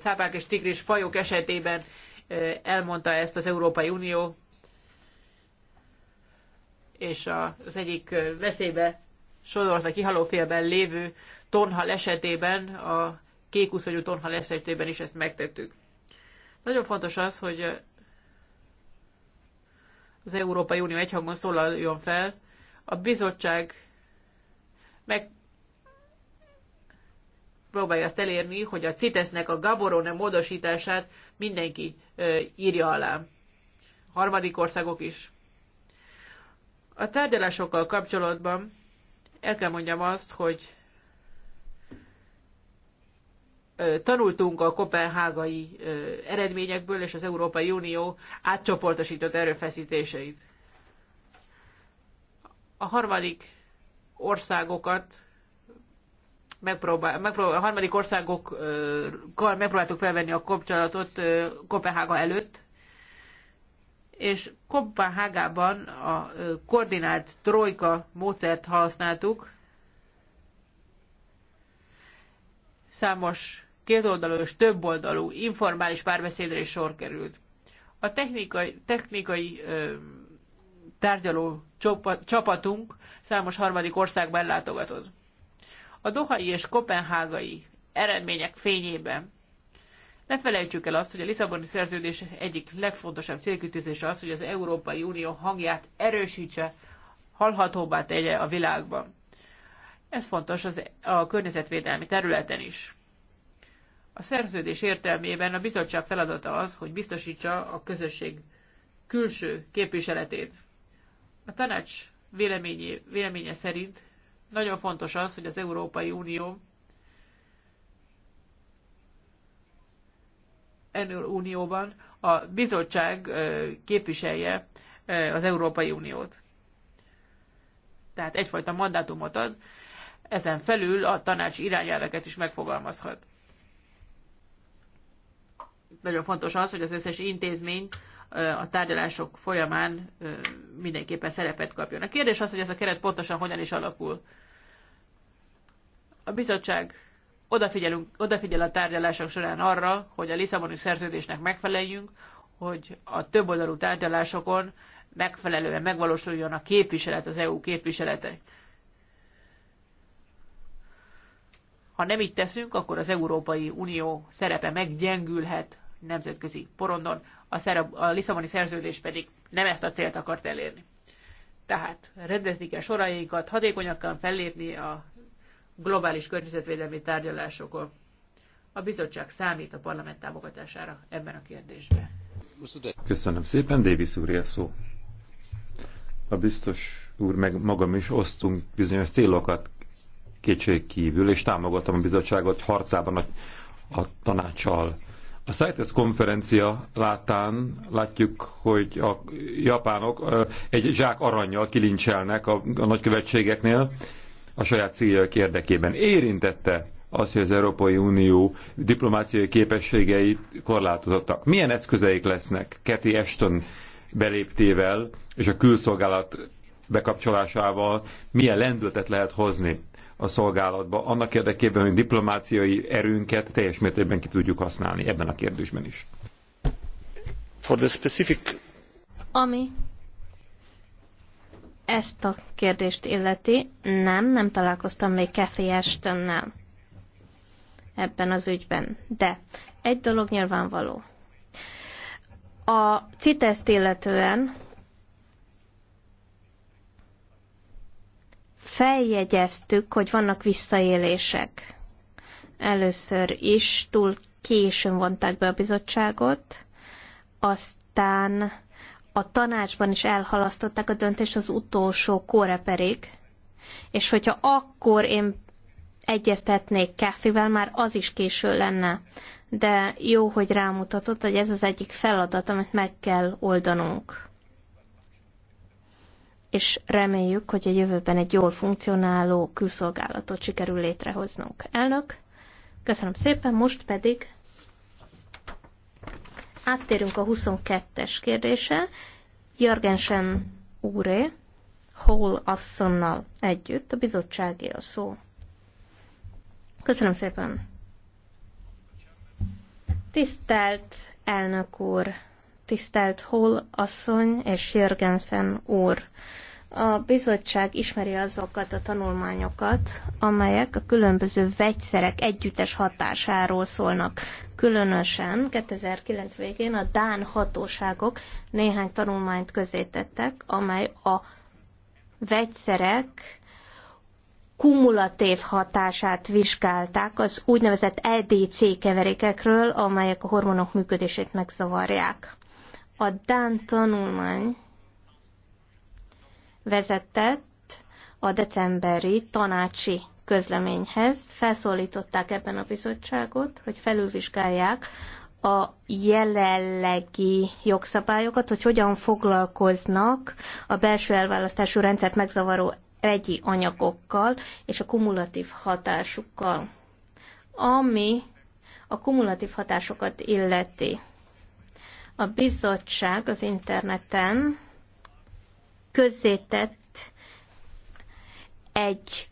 cápák és tigris fajok esetében elmondta ezt az Európai Unió, és az egyik veszélybe sodort a kihalófélben lévő tonhal esetében, a kékuszonyú tonhal esetében is ezt megtettük. Nagyon fontos az, hogy az Európai Unió egyhangon szólaljon fel. A bizottság meg próbálja azt elérni, hogy a CITES-nek a Gaborone módosítását mindenki írja alá. A harmadik országok is. A tárgyalásokkal kapcsolatban el kell mondjam azt, hogy tanultunk a kopenhágai eredményekből és az Európai Unió átcsoportosított erőfeszítéseit. A harmadik országokat megpróbál, megpróbál, a harmadik országokkal megpróbáltuk felvenni a kapcsolatot Kopenhága előtt, és Kopenhágában a koordinált trojka módszert használtuk, számos kétoldalú és többoldalú informális párbeszédre is sor került. A technikai, technikai ö, tárgyaló csapatunk számos harmadik országban látogatott. A dohai és kopenhágai eredmények fényében ne felejtsük el azt, hogy a Lisszaboni szerződés egyik legfontosabb célkütőzése az, hogy az Európai Unió hangját erősítse, hallhatóbbá tegye a világban. Ez fontos az, a környezetvédelmi területen is. A szerződés értelmében a bizottság feladata az, hogy biztosítsa a közösség külső képviseletét. A tanács véleménye, véleménye szerint nagyon fontos az, hogy az Európai Unió Ennél Unióban a bizottság képviselje az Európai Uniót. Tehát egyfajta mandátumot ad, ezen felül a tanács irányelveket is megfogalmazhat nagyon fontos az, hogy az összes intézmény a tárgyalások folyamán mindenképpen szerepet kapjon. A kérdés az, hogy ez a keret pontosan hogyan is alakul. A bizottság odafigyelünk, odafigyel a tárgyalások során arra, hogy a Lisszaboni szerződésnek megfeleljünk, hogy a többoldalú tárgyalásokon megfelelően megvalósuljon a képviselet, az EU képviselete. Ha nem így teszünk, akkor az Európai Unió szerepe meggyengülhet nemzetközi porondon, a, szerab, a Lisszaboni szerződés pedig nem ezt a célt akart elérni. Tehát rendezni kell sorainkat, hatékonyakkal fellépni a globális környezetvédelmi tárgyalásokon. A bizottság számít a parlament támogatására ebben a kérdésben. Köszönöm szépen, Davis úr, a szó. A biztos úr, meg magam is osztunk bizonyos célokat kétség kívül, és támogatom a bizottságot harcában a, a tanácsal a CITES konferencia látán látjuk, hogy a japánok egy zsák aranyjal kilincselnek a, a nagykövetségeknél a saját céljaik érdekében. Érintette az, hogy az Európai Unió diplomáciai képességei korlátozottak. Milyen eszközeik lesznek Keti Eston beléptével és a külszolgálat bekapcsolásával milyen lendületet lehet hozni a szolgálatba, annak érdekében, hogy diplomáciai erőnket teljes mértékben ki tudjuk használni ebben a kérdésben is. For the specific... Ami ezt a kérdést illeti, nem, nem találkoztam még Kathy Ashtonnal ebben az ügyben. De egy dolog nyilvánvaló. A CITES-t illetően feljegyeztük, hogy vannak visszaélések. Először is túl későn vonták be a bizottságot, aztán a tanácsban is elhalasztották a döntést az utolsó kóreperig, és hogyha akkor én egyeztetnék Káfivel, már az is késő lenne. De jó, hogy rámutatott, hogy ez az egyik feladat, amit meg kell oldanunk és reméljük, hogy a jövőben egy jól funkcionáló külszolgálatot sikerül létrehoznunk. Elnök, köszönöm szépen, most pedig áttérünk a 22-es kérdése. Jörgensen úré, Hall asszonnal együtt, a bizottságé a szó. Köszönöm szépen. Tisztelt elnök úr, tisztelt Hall asszony és Jörgensen úr. A bizottság ismeri azokat a tanulmányokat, amelyek a különböző vegyszerek együttes hatásáról szólnak. Különösen 2009 végén a Dán hatóságok néhány tanulmányt tettek, amely a vegyszerek kumulatív hatását vizsgálták az úgynevezett LDC e keverékekről, amelyek a hormonok működését megzavarják. A Dán tanulmány vezetett a decemberi tanácsi közleményhez. Felszólították ebben a bizottságot, hogy felülvizsgálják a jelenlegi jogszabályokat, hogy hogyan foglalkoznak a belső elválasztású rendszert megzavaró egyi anyagokkal és a kumulatív hatásukkal. Ami a kumulatív hatásokat illeti. A bizottság az interneten közzétett egy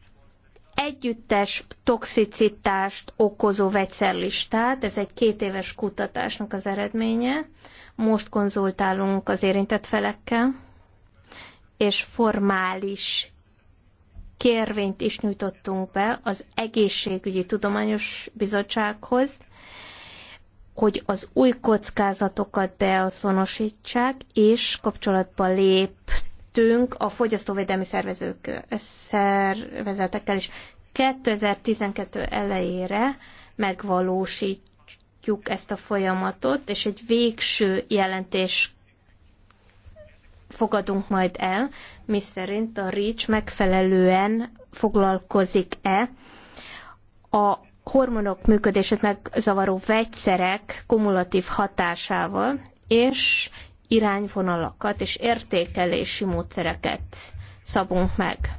együttes toxicitást okozó vegyszerlistát, ez egy két éves kutatásnak az eredménye. Most konzultálunk az érintett felekkel, és formális kérvényt is nyújtottunk be az Egészségügyi Tudományos Bizottsághoz, hogy az új kockázatokat beazonosítsák, és kapcsolatba lép egyeztettünk a fogyasztóvédelmi szervezők, eh, szervezetekkel is. 2012 elejére megvalósítjuk ezt a folyamatot, és egy végső jelentés fogadunk majd el, mi szerint a REACH megfelelően foglalkozik-e a hormonok működését megzavaró vegyszerek kumulatív hatásával, és irányvonalakat és értékelési módszereket szabunk meg.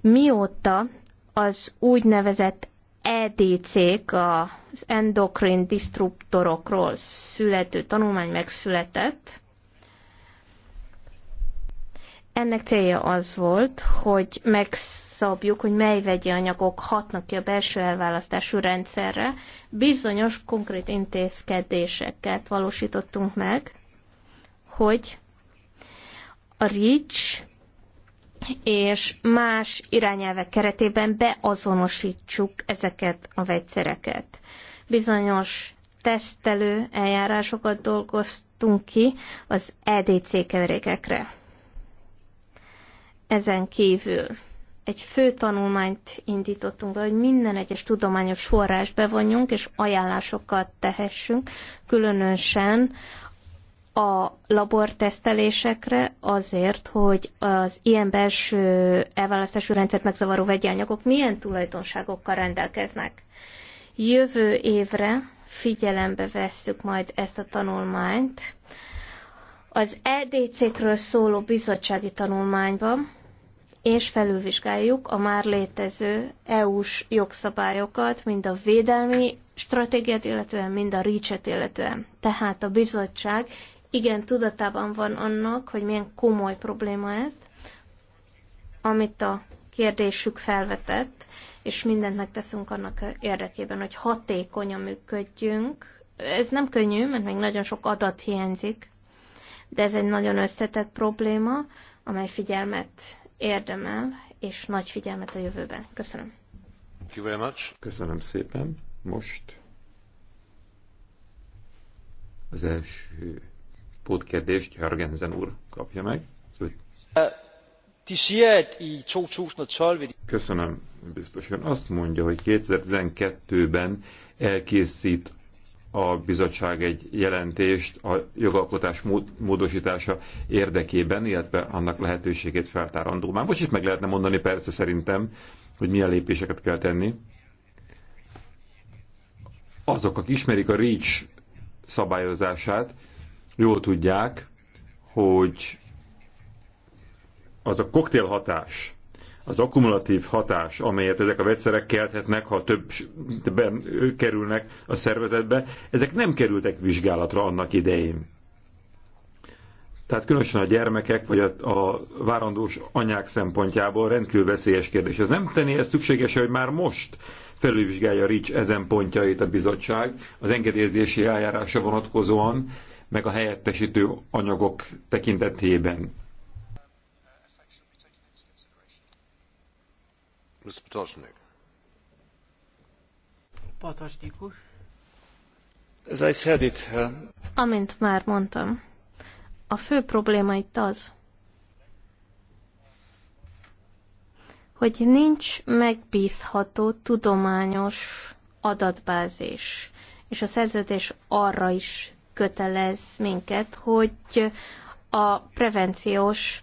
Mióta az úgynevezett EDC-k, az endokrin disruptorokról születő tanulmány megszületett, ennek célja az volt, hogy megszabjuk, hogy mely vegyi anyagok hatnak ki a belső elválasztású rendszerre. Bizonyos konkrét intézkedéseket valósítottunk meg, hogy a REACH és más irányelvek keretében beazonosítsuk ezeket a vegyszereket. Bizonyos tesztelő eljárásokat dolgoztunk ki az EDC keverékekre. Ezen kívül egy fő tanulmányt indítottunk be, hogy minden egyes tudományos forrás bevonjunk, és ajánlásokat tehessünk, különösen a labortesztelésekre azért, hogy az ilyen belső elválasztású rendszert megzavaró vegyi anyagok milyen tulajdonságokkal rendelkeznek. Jövő évre figyelembe vesszük majd ezt a tanulmányt. Az EDC-kről szóló bizottsági tanulmányban, és felülvizsgáljuk a már létező EU-s jogszabályokat, mind a védelmi stratégiát illetően, mind a reach illetően. Tehát a bizottság igen tudatában van annak, hogy milyen komoly probléma ez, amit a kérdésük felvetett, és mindent megteszünk annak érdekében, hogy hatékonyan működjünk. Ez nem könnyű, mert még nagyon sok adat hiányzik, de ez egy nagyon összetett probléma, amely figyelmet érdemel, és nagy figyelmet a jövőben. Köszönöm. Thank you very much. Köszönöm szépen. Most az első Pótkérdést Jörgensen úr kapja meg. Szóval- uh, Köszönöm, biztosan. Azt mondja, hogy 2012-ben elkészít a bizottság egy jelentést a jogalkotás módosítása érdekében, illetve annak lehetőségét feltárandó. Már most is meg lehetne mondani persze szerintem, hogy milyen lépéseket kell tenni. Azok, akik ismerik a REACH szabályozását, jól tudják, hogy az a koktél hatás, az akkumulatív hatás, amelyet ezek a vegyszerek kelthetnek, ha több kerülnek a szervezetbe, ezek nem kerültek vizsgálatra annak idején. Tehát különösen a gyermekek vagy a, a várandós anyák szempontjából rendkívül veszélyes kérdés. Ez nem tenné ez szükséges, hogy már most felülvizsgálja Rics ezen pontjait a bizottság az engedélyezési eljárása vonatkozóan, meg a helyettesítő anyagok tekintetében. Uh, Amint már mondtam, a fő probléma itt az, hogy nincs megbízható tudományos adatbázis, és a szerződés arra is kötelez minket, hogy a prevenciós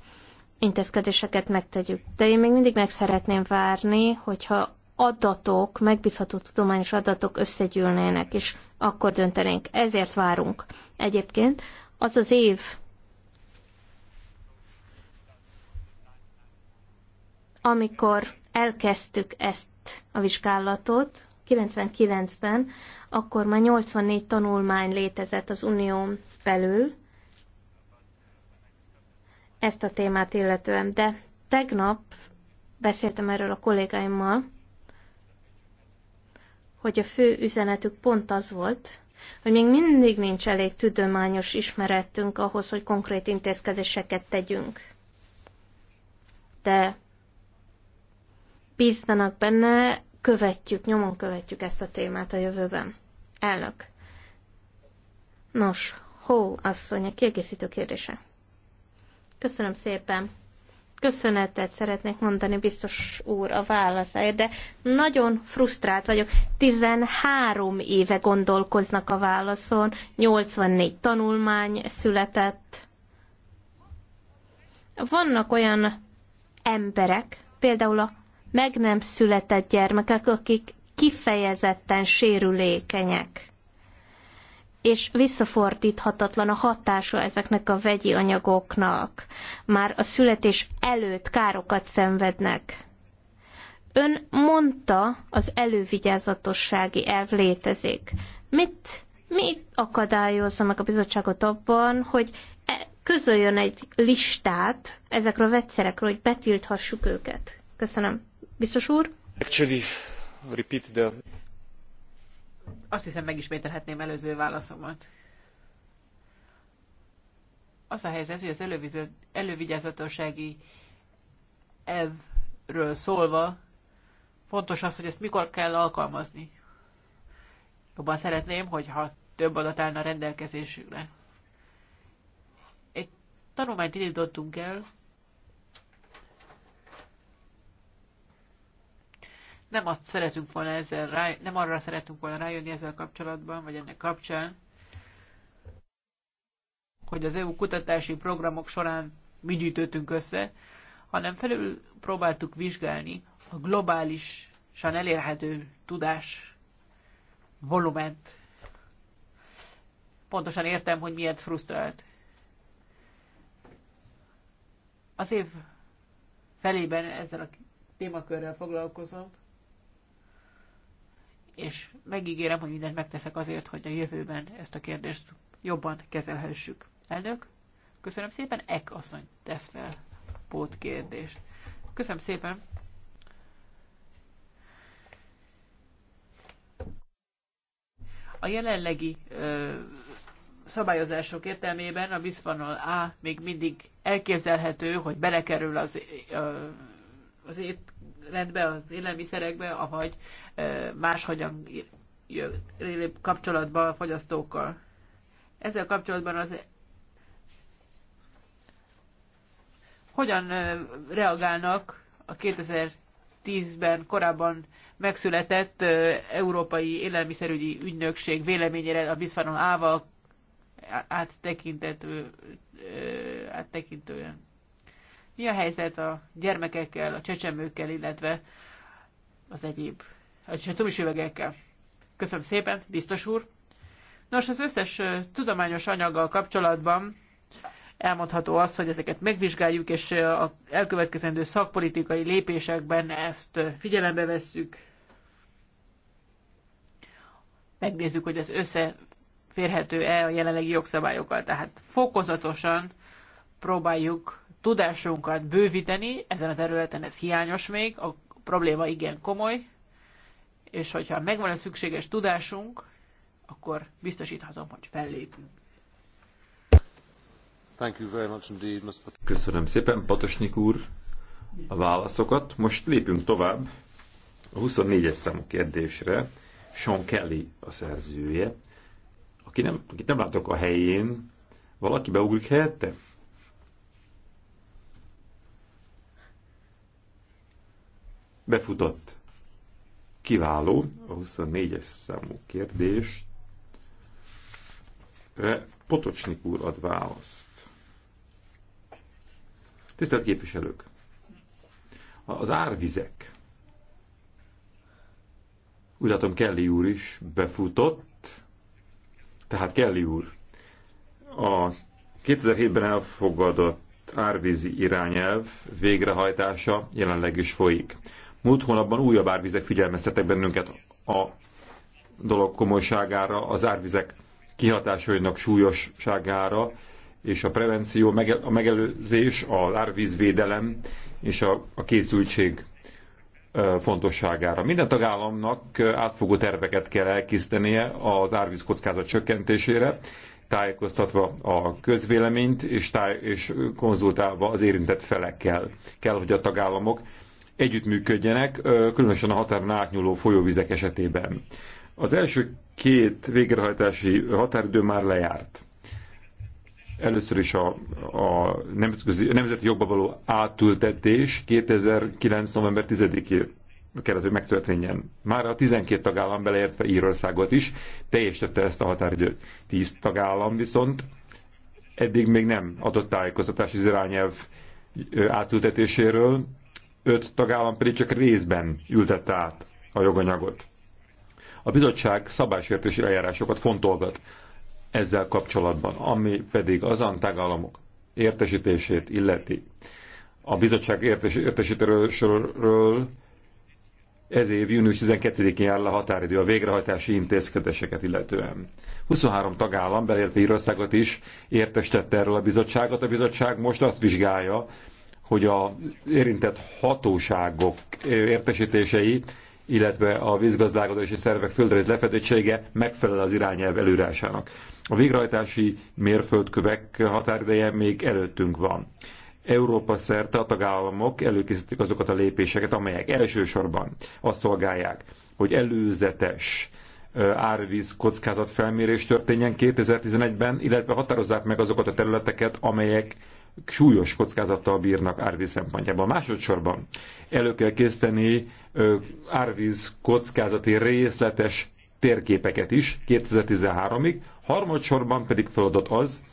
intézkedéseket megtegyük. De én még mindig meg szeretném várni, hogyha adatok, megbízható tudományos adatok összegyűlnének, és akkor döntenénk. Ezért várunk. Egyébként az az év, amikor elkezdtük ezt a vizsgálatot, 99-ben, akkor már 84 tanulmány létezett az unión belül ezt a témát illetően. De tegnap beszéltem erről a kollégáimmal, hogy a fő üzenetük pont az volt, hogy még mindig nincs elég tudományos ismeretünk ahhoz, hogy konkrét intézkedéseket tegyünk. De bíztanak benne, követjük, nyomon követjük ezt a témát a jövőben. Elnök. Nos, hó, asszony, a kiegészítő kérdése. Köszönöm szépen. Köszönetet szeretnék mondani, biztos úr, a válaszáért, de nagyon frusztrált vagyok. 13 éve gondolkoznak a válaszon, 84 tanulmány született. Vannak olyan emberek, például a meg nem született gyermekek, akik kifejezetten sérülékenyek, és visszafordíthatatlan a hatása ezeknek a vegyi anyagoknak. Már a születés előtt károkat szenvednek. Ön mondta, az elővigyázatossági elv létezik. Mit, mit akadályozza meg a bizottságot abban, hogy e, közöljön egy listát ezekről a vegyszerekről, hogy betilthassuk őket? Köszönöm. Biztos úr? Actually, repeat the... Azt hiszem, megismételhetném előző válaszomat. Az a helyzet, hogy az elővigyázatossági elvről szólva fontos az, hogy ezt mikor kell alkalmazni. Jobban szeretném, hogyha több adat állna rendelkezésükre. Egy tanulmányt indítottunk el nem azt szeretünk volna ezzel rá, nem arra szeretünk volna rájönni ezzel kapcsolatban, vagy ennek kapcsán, hogy az EU kutatási programok során mi gyűjtöttünk össze, hanem felül próbáltuk vizsgálni a globálisan elérhető tudás volument. Pontosan értem, hogy miért frusztrált. Az év felében ezzel a témakörrel foglalkozom és megígérem, hogy mindent megteszek azért, hogy a jövőben ezt a kérdést jobban kezelhessük. Elnök, köszönöm szépen, Ek asszony tesz fel pótkérdést. Köszönöm szépen. A jelenlegi ö, szabályozások értelmében a bisphenol A még mindig elképzelhető, hogy belekerül az ö, az étrendbe, az élelmiszerekbe, ahogy máshogyan kapcsolatban a fogyasztókkal. Ezzel kapcsolatban az e- hogyan reagálnak a 2010-ben korábban megszületett Európai Élelmiszerügyi Ügynökség véleményére a bisphenol A-val áttekintően. Mi a helyzet a gyermekekkel, a csecsemőkkel, illetve az egyéb, a többi üvegekkel? Köszönöm szépen, biztos úr. Nos, az összes tudományos anyaggal kapcsolatban elmondható az, hogy ezeket megvizsgáljuk, és a elkövetkezendő szakpolitikai lépésekben ezt figyelembe vesszük. Megnézzük, hogy ez összeférhető-e a jelenlegi jogszabályokkal. Tehát fokozatosan próbáljuk tudásunkat bővíteni, ezen a területen ez hiányos még, a probléma igen komoly, és hogyha megvan a szükséges tudásunk, akkor biztosíthatom, hogy fellépünk. Thank you very much indeed, Mr. Köszönöm szépen, Patosnyik úr, a válaszokat. Most lépünk tovább a 24-es számú kérdésre. Sean Kelly a szerzője, aki nem, akit nem látok a helyén, valaki beugrik helyette? befutott. Kiváló, a 24-es számú kérdés. Potocsnik úr ad választ. Tisztelt képviselők! Az árvizek. Úgy látom, Kelly úr is befutott. Tehát Kelly úr, a 2007-ben elfogadott árvízi irányelv végrehajtása jelenleg is folyik. Múlt hónapban újabb árvizek figyelmeztetek bennünket a dolog komolyságára, az árvizek kihatásainak súlyosságára, és a prevenció, a megelőzés, a árvízvédelem és a, a készültség fontosságára. Minden tagállamnak átfogó terveket kell elkészítenie az árvíz kockázat csökkentésére, tájékoztatva a közvéleményt és, táj- és konzultálva az érintett felekkel. Kell, hogy a tagállamok együttműködjenek, különösen a határon átnyúló folyóvizek esetében. Az első két végrehajtási határidő már lejárt. Először is a, a nemzetközi, nemzeti jogba való átültetés 2009. november 10-én kellett, hogy megtörténjen. Már a 12 tagállam beleértve Írországot is teljesítette ezt a határidőt. 10 tagállam viszont eddig még nem adott tájékoztatást az irányelv átültetéséről, öt tagállam pedig csak részben ültette át a joganyagot. A bizottság szabálysértési eljárásokat fontolgat ezzel kapcsolatban, ami pedig azon tagállamok értesítését illeti. A bizottság értes, ez év június 12-én áll a határidő a végrehajtási intézkedéseket illetően. 23 tagállam, beleértve Írországot is, értestette erről a bizottságot. A bizottság most azt vizsgálja, hogy a érintett hatóságok értesítései, illetve a vízgazdálkodási szervek földrajz lefedettsége megfelel az irányelv előrásának. A végrehajtási mérföldkövek határideje még előttünk van. Európa szerte a tagállamok előkészítik azokat a lépéseket, amelyek elsősorban azt szolgálják, hogy előzetes árvíz felmérés történjen 2011-ben, illetve határozzák meg azokat a területeket, amelyek súlyos kockázattal bírnak árvíz szempontjából. Másodszorban elő kell készíteni árvíz kockázati részletes térképeket is 2013-ig, harmadsorban pedig feladat az,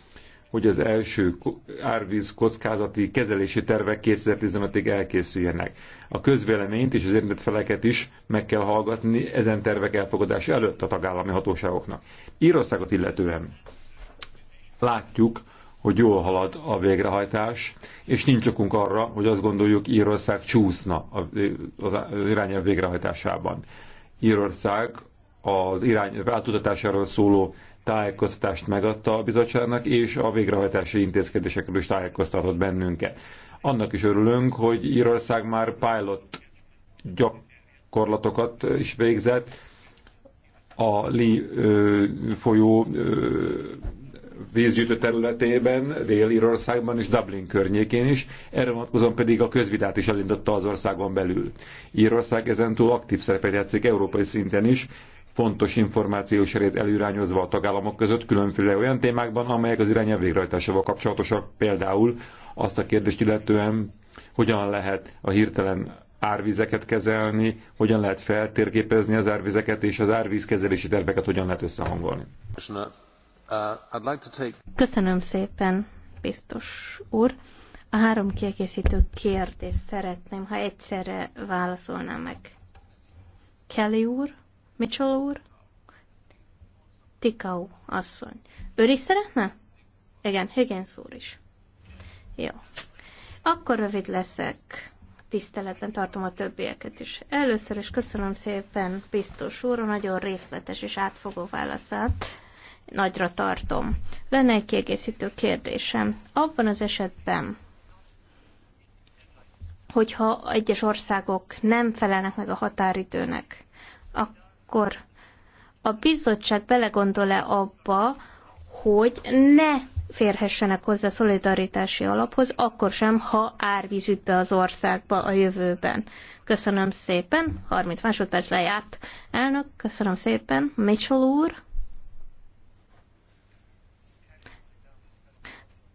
hogy az első árvíz kockázati kezelési tervek 2015-ig elkészüljenek. A közvéleményt és az érintett feleket is meg kell hallgatni ezen tervek elfogadása előtt a tagállami hatóságoknak. Írországot illetően látjuk, hogy jól halad a végrehajtás, és nincs okunk arra, hogy azt gondoljuk, Írország csúszna az irányelv végrehajtásában. Írország az irány változtatásáról szóló tájékoztatást megadta a bizottságnak, és a végrehajtási intézkedésekről is tájékoztatott bennünket. Annak is örülünk, hogy Írország már pilot gyakorlatokat is végzett, a Li folyó vízgyűjtő területében, Dél-Írországban és Dublin környékén is, erre vonatkozóan pedig a közvitát is elindította az országon belül. Írország ezentúl aktív szerepet játszik európai szinten is, fontos információs serét előirányozva a tagállamok között különféle olyan témákban, amelyek az irányelv végrehajtásával kapcsolatosak, például azt a kérdést illetően, hogyan lehet a hirtelen árvizeket kezelni, hogyan lehet feltérképezni az árvizeket, és az árvízkezelési terveket hogyan lehet összehangolni. Köszönöm. Uh, köszönöm szépen, biztos úr. A három kiegészítő kérdést szeretném, ha egyszerre válaszolná meg. Kelly úr, Mitchell úr, Tikau asszony. Ő is szeretne? Igen, Higgins úr is. Jó. Akkor rövid leszek. Tiszteletben tartom a többieket is. Először is köszönöm szépen biztos úr, nagyon részletes és átfogó válaszát nagyra tartom. Lenne egy kiegészítő kérdésem. Abban az esetben, hogyha egyes országok nem felelnek meg a határidőnek, akkor a bizottság belegondol-e abba, hogy ne férhessenek hozzá szolidaritási alaphoz, akkor sem, ha árvíz üt be az országba a jövőben. Köszönöm szépen, 30 másodperc lejárt. Elnök, köszönöm szépen, Mitchell úr.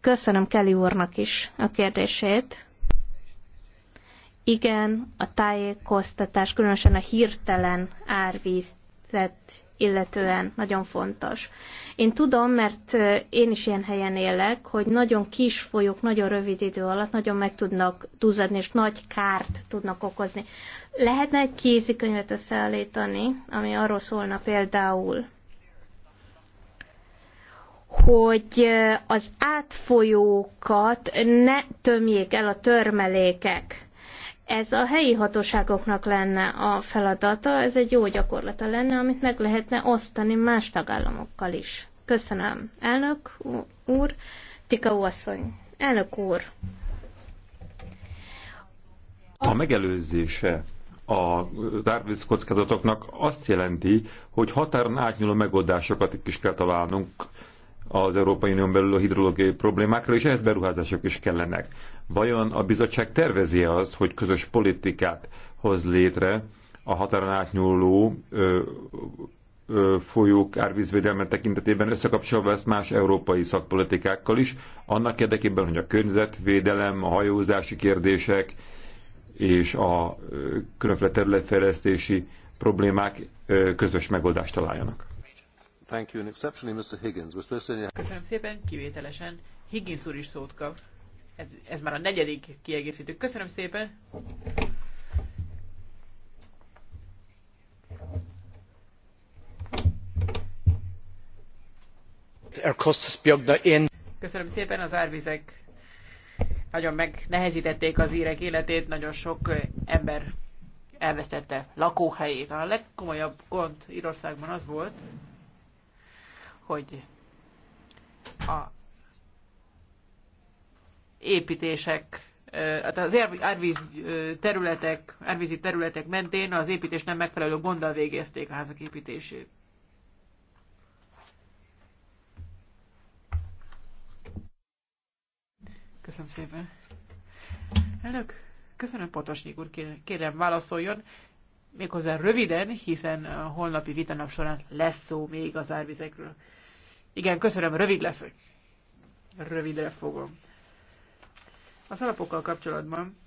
Köszönöm Kelly úrnak is a kérdését. Igen, a tájékoztatás, különösen a hirtelen árvízet illetően nagyon fontos. Én tudom, mert én is ilyen helyen élek, hogy nagyon kis folyók nagyon rövid idő alatt nagyon meg tudnak duzadni, és nagy kárt tudnak okozni. Lehetne egy kézikönyvet összeállítani, ami arról szólna például, hogy az átfolyókat ne tömjék el a törmelékek. Ez a helyi hatóságoknak lenne a feladata, ez egy jó gyakorlata lenne, amit meg lehetne osztani más tagállamokkal is. Köszönöm. Elnök úr, Tika asszony. Elnök úr. A megelőzése a tárvíz kockázatoknak azt jelenti, hogy határon átnyúló megoldásokat is kell találnunk, az Európai Unión belül a hidrológiai problémákra, és ehhez beruházások is kellenek. Vajon a bizottság tervezi azt, hogy közös politikát hoz létre a határon átnyúló ö, ö, folyók árvízvédelme tekintetében összekapcsolva ezt más európai szakpolitikákkal is, annak érdekében, hogy a környezetvédelem, a hajózási kérdések és a különféle területfejlesztési problémák közös megoldást találjanak. Köszönöm szépen, kivételesen Higgins úr is szót kap. Ez, ez már a negyedik kiegészítő. Köszönöm szépen. Er Köszönöm szépen, az árvizek nagyon megnehezítették az írek életét, nagyon sok ember elvesztette lakóhelyét. A legkomolyabb gond Írországban az volt, hogy a építések hát az árvíz területek, árvízi területek mentén az építés nem megfelelő gonddal végezték a házak építését. Köszönöm szépen. Elnök, köszönöm Potosnyik úr, kérem válaszoljon, méghozzá röviden, hiszen a holnapi vitanap során lesz szó még az árvizekről. Igen, köszönöm, rövid leszek. Rövidre fogom. Az alapokkal kapcsolatban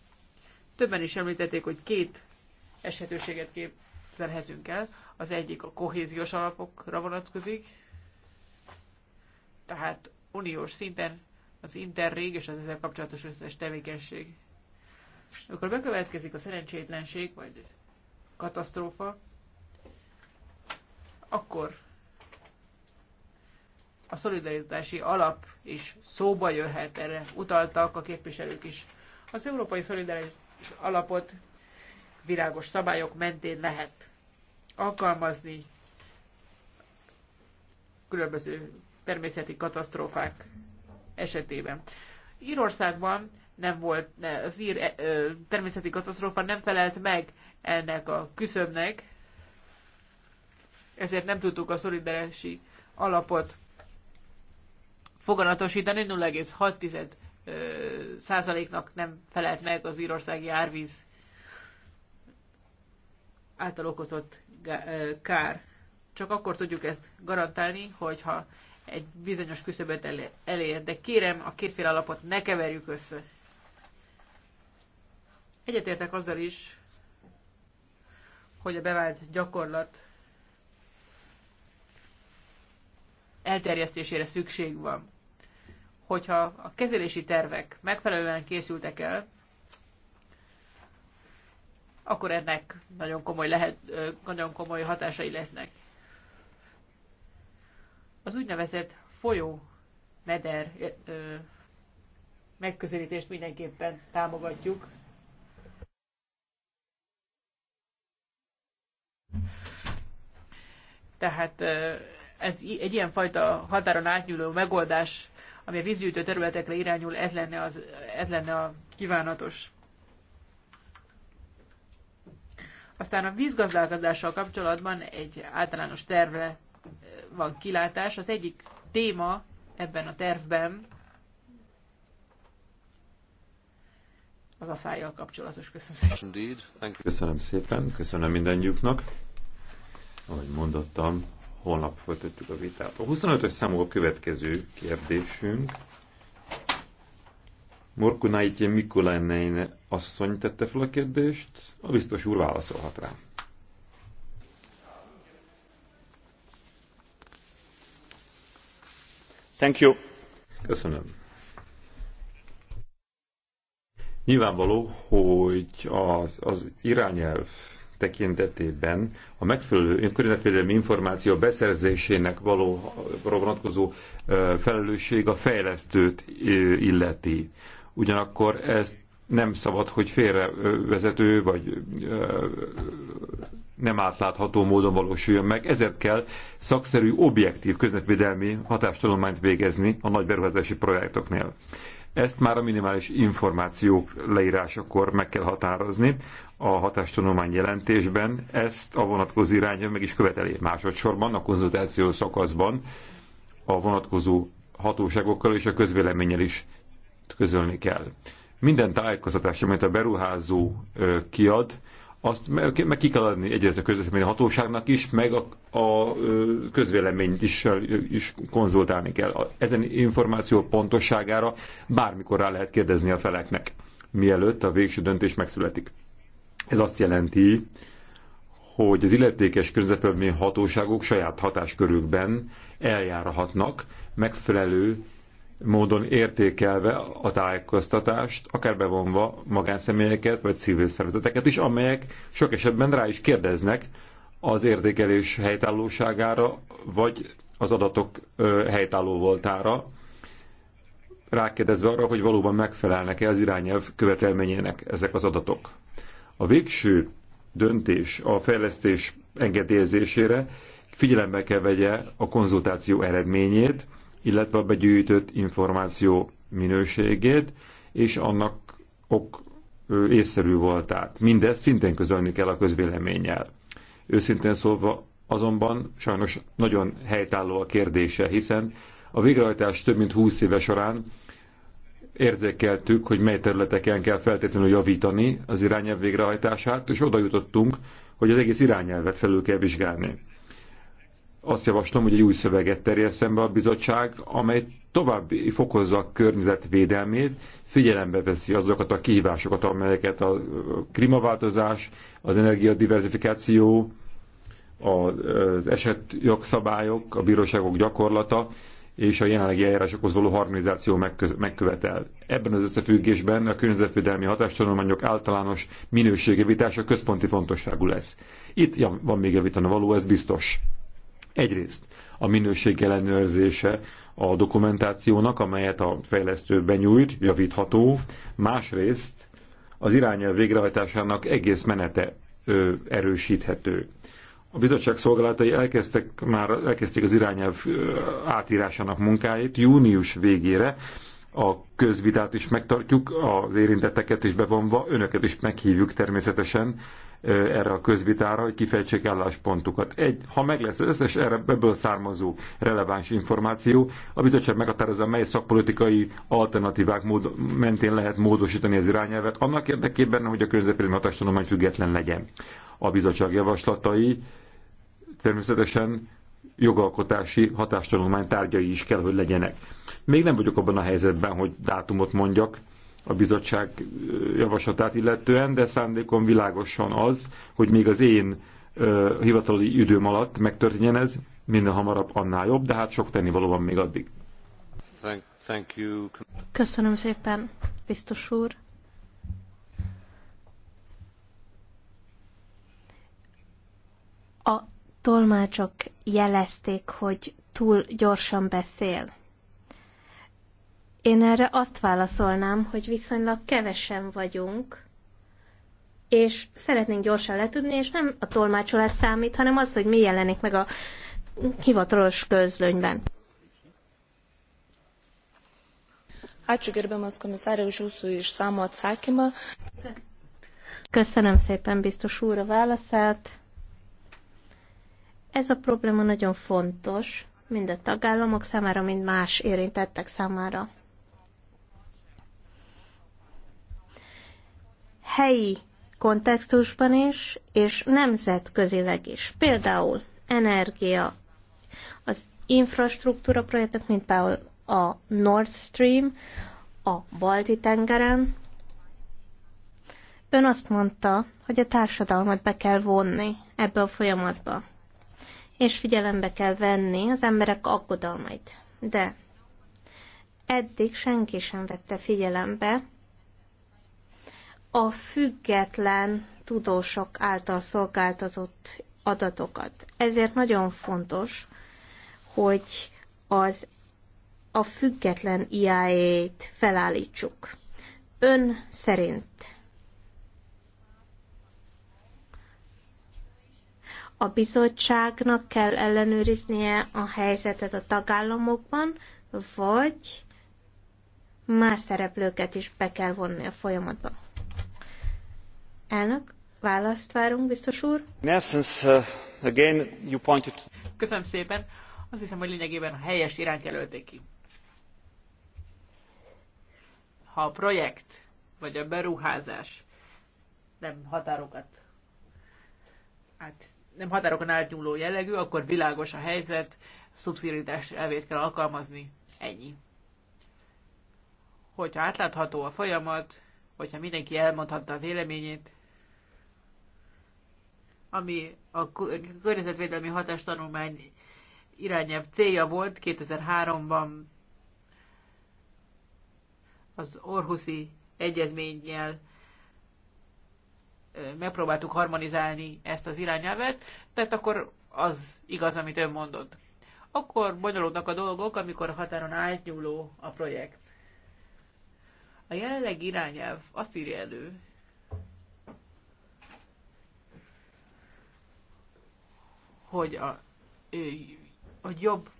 többen is említették, hogy két eshetőséget képzelhetünk el. Az egyik a kohéziós alapokra vonatkozik, tehát uniós szinten az interrég és az ezzel kapcsolatos összes tevékenység. akkor bekövetkezik a szerencsétlenség, vagy katasztrófa, akkor a szolidaritási alap is szóba jöhet, erre utaltak a képviselők is. Az európai szolidaritási alapot világos szabályok mentén lehet alkalmazni különböző természeti katasztrófák esetében. Írországban nem volt, az ír e, természeti katasztrófa nem felelt meg ennek a küszöbnek, ezért nem tudtuk a szolidaritási alapot foganatosítani, 0,6 százaléknak nem felelt meg az írországi árvíz által okozott kár. Csak akkor tudjuk ezt garantálni, hogyha egy bizonyos küszöbet elér. De kérem, a kétféle alapot ne keverjük össze. Egyetértek azzal is, hogy a bevált gyakorlat elterjesztésére szükség van hogyha a kezelési tervek megfelelően készültek el, akkor ennek nagyon komoly, lehet, nagyon komoly hatásai lesznek. Az úgynevezett folyó meder megközelítést mindenképpen támogatjuk. Tehát ez egy ilyenfajta határon átnyúló megoldás ami a vízgyűjtő területekre irányul, ez lenne, az, ez lenne a kívánatos. Aztán a vízgazdálkodással kapcsolatban egy általános tervre eh, van kilátás. Az egyik téma ebben a tervben az a szájjal kapcsolatos. Köszönöm szépen. Köszönöm szépen, köszönöm mindannyiuknak. Ahogy mondottam, holnap folytatjuk a vitát. A 25-ös számú a következő kérdésünk. Morkunaitje Mikulainein asszony tette fel a kérdést, a biztos úr válaszolhat rá. Thank you. Köszönöm. Nyilvánvaló, hogy az, az irányelv tekintetében a megfelelő környezetvédelmi információ beszerzésének való vonatkozó felelősség a fejlesztőt illeti. Ugyanakkor ezt nem szabad, hogy félrevezető vagy nem átlátható módon valósuljon meg, ezért kell szakszerű, objektív közvetvédelmi hatástanulmányt végezni a nagy beruházási projektoknél. Ezt már a minimális információk leírásakor meg kell határozni, a hatástanulmány jelentésben ezt a vonatkozó irányelv meg is követeli. Másodszorban a konzultáció szakaszban a vonatkozó hatóságokkal és a közvéleménnyel is közölni kell. Minden tájékoztatás, amit a beruházó kiad, azt meg, meg ki kell adni egyrészt a közvélemény hatóságnak is, meg a, a közvéleményt is, is konzultálni kell. Ezen információ pontosságára bármikor rá lehet kérdezni a feleknek, mielőtt a végső döntés megszületik. Ez azt jelenti, hogy az illetékes környezetvédelmi hatóságok saját hatáskörükben eljárhatnak megfelelő módon értékelve a tájékoztatást, akár bevonva magánszemélyeket vagy civil szervezeteket is, amelyek sok esetben rá is kérdeznek az értékelés helytállóságára, vagy az adatok helytálló voltára, rákérdezve arra, hogy valóban megfelelnek-e az irányelv követelményének ezek az adatok. A végső döntés a fejlesztés engedélyezésére figyelembe kell vegye a konzultáció eredményét, illetve a begyűjtött információ minőségét, és annak ok észszerű voltát. Mindezt szintén közölni kell a közvéleménnyel. Őszintén szólva azonban sajnos nagyon helytálló a kérdése, hiszen a végrehajtás több mint 20 éve során érzékeltük, hogy mely területeken kell feltétlenül javítani az irányelv végrehajtását, és oda jutottunk, hogy az egész irányelvet felül kell vizsgálni. Azt javaslom, hogy egy új szöveget terjesszen be a bizottság, amely további fokozza a környezetvédelmét, figyelembe veszi azokat a kihívásokat, amelyeket a klímaváltozás, az energiadiverzifikáció, az esetjogszabályok, a bíróságok gyakorlata és a jelenlegi eljárásokhoz való harmonizáció megkövetel. Ebben az összefüggésben a környezetvédelmi hatástanulmányok általános minőségjavítása központi fontosságú lesz. Itt ja, van még javítani való, ez biztos. Egyrészt a minőség ellenőrzése a dokumentációnak, amelyet a fejlesztő benyújt, javítható, másrészt az irányelv végrehajtásának egész menete ö, erősíthető a bizottság szolgálatai elkezdtek már elkezdték az irányelv átírásának munkáit június végére, a közvitát is megtartjuk, az érintetteket is bevonva, önöket is meghívjuk természetesen erre a közvitára, hogy kifejtsék álláspontukat. Egy, ha meg lesz az összes erre, ebből származó releváns információ, a bizottság meghatározza, mely szakpolitikai alternatívák mód, mentén lehet módosítani az irányelvet, annak érdekében, hogy a környezetvédelmi hatástanulmány független legyen. A bizottság javaslatai természetesen jogalkotási hatástanulmány tárgyai is kell, hogy legyenek. Még nem vagyok abban a helyzetben, hogy dátumot mondjak a bizottság javaslatát illetően, de szándékom világosan az, hogy még az én ö, hivatali időm alatt megtörténjen ez, minél hamarabb annál jobb, de hát sok tenni van még addig. Thank, thank you. Köszönöm szépen, biztos úr. A tolmácsok jelezték, hogy túl gyorsan beszél. Én erre azt válaszolnám, hogy viszonylag kevesen vagyunk, és szeretnénk gyorsan letudni, és nem a tolmácsolás számít, hanem az, hogy mi jelenik meg a hivatalos közlönyben. Ačiū gerbiamas komisarė už jūsų išsamų atsakymą. Köszönöm szépen biztos úr a válaszát. Ez a probléma nagyon fontos, mind a tagállamok számára, mind más érintettek számára. Helyi kontextusban is, és nemzetközileg is. Például energia, az infrastruktúra projektek, mint például a Nord Stream, a Balti tengeren. Ön azt mondta, hogy a társadalmat be kell vonni ebbe a folyamatba és figyelembe kell venni az emberek aggodalmait. De eddig senki sem vette figyelembe a független tudósok által szolgáltatott adatokat. Ezért nagyon fontos, hogy az a független IA-t felállítsuk. Ön szerint a bizottságnak kell ellenőriznie a helyzetet a tagállamokban, vagy más szereplőket is be kell vonni a folyamatba. Elnök, választ várunk, biztos úr. In essence, uh, again, you pointed... Köszönöm szépen. Azt hiszem, hogy lényegében a helyes irányt jelölték ki. Ha a projekt vagy a beruházás nem határokat át nem határokon átnyúló jellegű, akkor világos a helyzet, szubszidiaritás elvét kell alkalmazni. Ennyi. Hogyha átlátható a folyamat, hogyha mindenki elmondhatta a véleményét, ami a környezetvédelmi hatástanulmány irányelv célja volt 2003-ban az Orhuszi egyezménnyel megpróbáltuk harmonizálni ezt az irányelvet, tehát akkor az igaz, amit ön mondott. Akkor bonyolódnak a dolgok, amikor a határon átnyúló a projekt. A jelenleg irányelv azt írja elő, hogy a, a jobb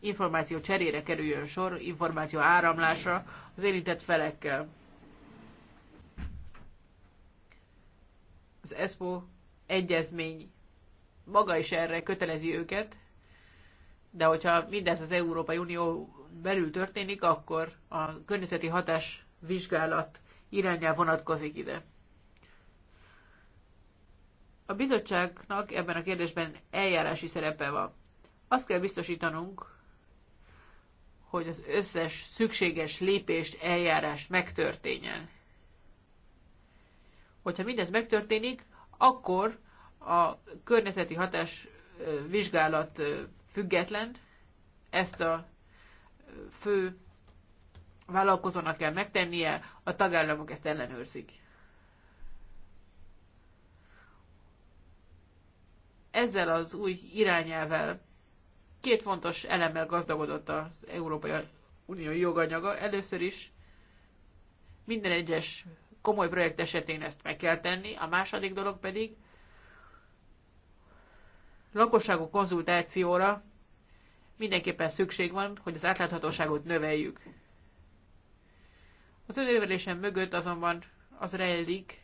információ cserére kerüljön sor, információ áramlásra az érintett felekkel. az ESPO egyezmény maga is erre kötelezi őket, de hogyha mindez az Európai Unió belül történik, akkor a környezeti hatás vizsgálat irányel vonatkozik ide. A bizottságnak ebben a kérdésben eljárási szerepe van. Azt kell biztosítanunk, hogy az összes szükséges lépést eljárás megtörténjen. Hogyha mindez megtörténik, akkor a környezeti hatás vizsgálat független, ezt a fő vállalkozónak kell megtennie, a tagállamok ezt ellenőrzik. Ezzel az új irányelvel két fontos elemmel gazdagodott az Európai Unió joganyaga. Először is minden egyes komoly projekt esetén ezt meg kell tenni, a második dolog pedig lakosságok konzultációra mindenképpen szükség van, hogy az átláthatóságot növeljük. Az önérvelésem mögött azonban az rejlik,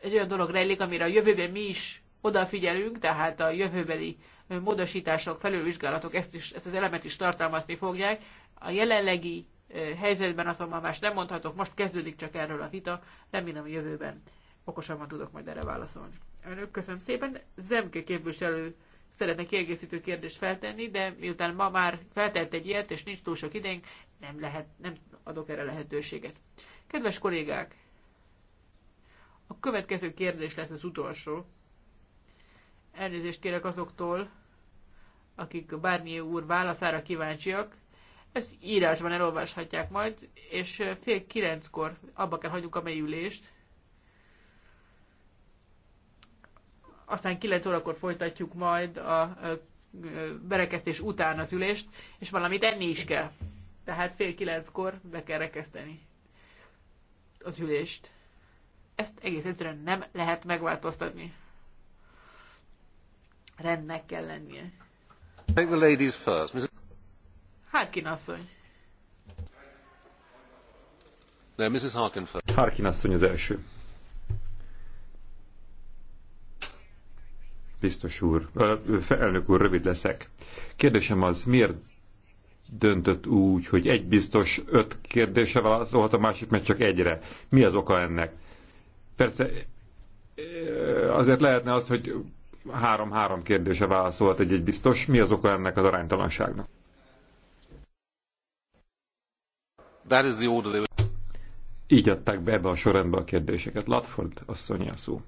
egy olyan dolog rejlik, amire a jövőben mi is odafigyelünk, tehát a jövőbeli módosítások, felülvizsgálatok ezt, is, ezt az elemet is tartalmazni fogják. A jelenlegi helyzetben azonban más nem mondhatok, most kezdődik csak erről a vita, remélem a jövőben okosabban tudok majd erre válaszolni. Önök köszönöm szépen, Zemke képviselő szeretne kiegészítő kérdést feltenni, de miután ma már feltett egy ilyet, és nincs túl sok idénk, nem, lehet, nem adok erre lehetőséget. Kedves kollégák, a következő kérdés lesz az utolsó. Elnézést kérek azoktól, akik bármilyen úr válaszára kíváncsiak, ezt írásban elolvashatják majd, és fél kilenckor abba kell hagyjuk a mélyülést. Aztán kilenc órakor folytatjuk majd a berekesztés után az ülést, és valamit enni is kell. Tehát fél kilenckor be kell rekeszteni az ülést. Ezt egész egyszerűen nem lehet megváltoztatni. Rendnek kell lennie. Take the ladies first. Harkin asszony. Mrs. Harkin first. Harkin asszony az első. Biztos úr, elnök úr, rövid leszek. Kérdésem az, miért döntött úgy, hogy egy biztos öt kérdése válaszolhat, a másik meg csak egyre. Mi az oka ennek? Persze azért lehetne az, hogy három-három kérdése válaszolhat egy-egy biztos. Mi az oka ennek az aránytalanságnak? That is the order they were... Így adták be ebbe a sorrendbe a kérdéseket. Latford asszony a szó.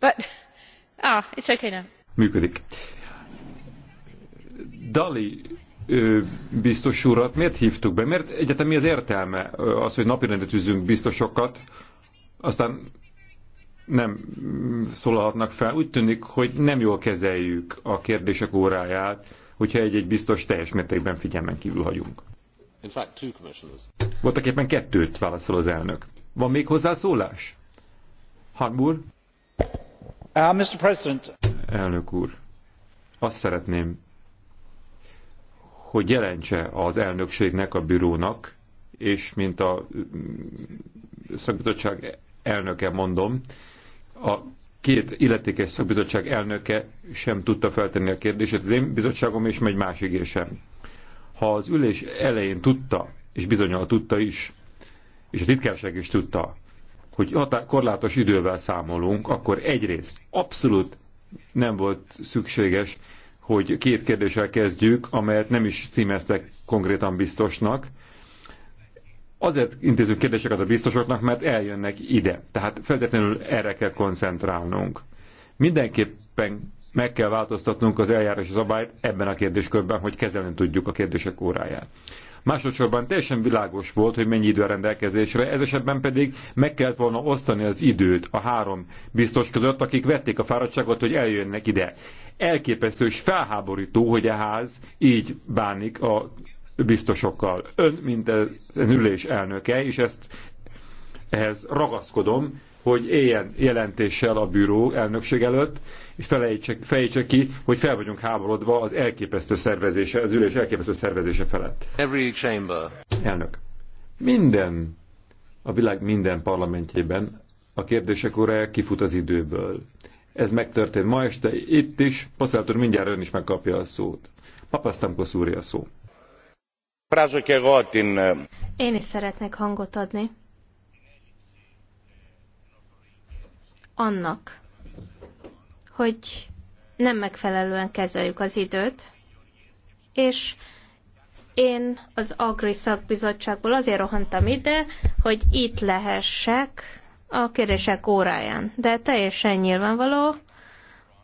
But... Ah, it's okay now. Működik. Dali biztos urat miért hívtuk be? Miért egyetem mi az értelme az, hogy napirendre tűzünk biztosokat, aztán nem szólalhatnak fel. Úgy tűnik, hogy nem jól kezeljük a kérdések óráját, hogyha egy-egy biztos teljes mértékben figyelmen kívül hagyunk. Voltak éppen kettőt válaszol az elnök. Van még hozzászólás? Harbur? Uh, Mr. President. Elnök úr, azt szeretném, hogy jelentse az elnökségnek, a bürónak, és mint a mm, szakbizottság elnöke mondom, a két illetékes szakbizottság elnöke sem tudta feltenni a kérdését, az én bizottságom és egy más sem. Ha az ülés elején tudta, és bizonyal tudta is, és a titkárság is tudta, hogy korlátos idővel számolunk, akkor egyrészt abszolút nem volt szükséges, hogy két kérdéssel kezdjük, amelyet nem is címeztek konkrétan biztosnak, Azért intézünk kérdéseket a biztosoknak, mert eljönnek ide. Tehát feltétlenül erre kell koncentrálnunk. Mindenképpen meg kell változtatnunk az eljárási szabályt ebben a kérdéskörben, hogy kezelni tudjuk a kérdések óráját. Másodszorban teljesen világos volt, hogy mennyi idő a rendelkezésre, ez esetben pedig meg kellett volna osztani az időt a három biztos között, akik vették a fáradtságot, hogy eljönnek ide. Elképesztő és felháborító, hogy a ház így bánik a biztosokkal. Ön, mint az ülés elnöke, és ezt ehhez ragaszkodom, hogy éljen jelentéssel a bűró elnökség előtt, és felejtse, fejtse ki, hogy fel vagyunk háborodva az elképesztő szervezése, az ülés elképesztő szervezése felett. Every chamber. Elnök. Minden, a világ minden parlamentjében a kérdések óra kifut az időből. Ez megtörtént ma este itt is, Paszeltől mindjárt ön is megkapja a szót. Papasztamkosz úrja a szó. Én is szeretnék hangot adni annak, hogy nem megfelelően kezeljük az időt, és én az Agri Szakbizottságból azért rohantam ide, hogy itt lehessek a kérdések óráján. De teljesen nyilvánvaló,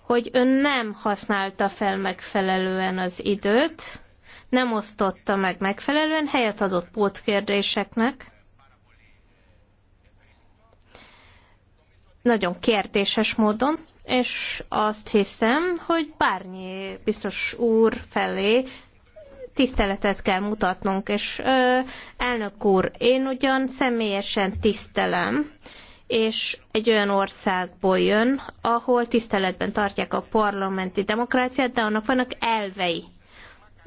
hogy ön nem használta fel megfelelően az időt, nem osztotta meg megfelelően, helyet adott pótkérdéseknek. Nagyon kérdéses módon, és azt hiszem, hogy Bárnyi biztos úr felé tiszteletet kell mutatnunk, és ö, elnök úr, én ugyan személyesen tisztelem, és egy olyan országból jön, ahol tiszteletben tartják a parlamenti demokráciát, de annak vannak elvei.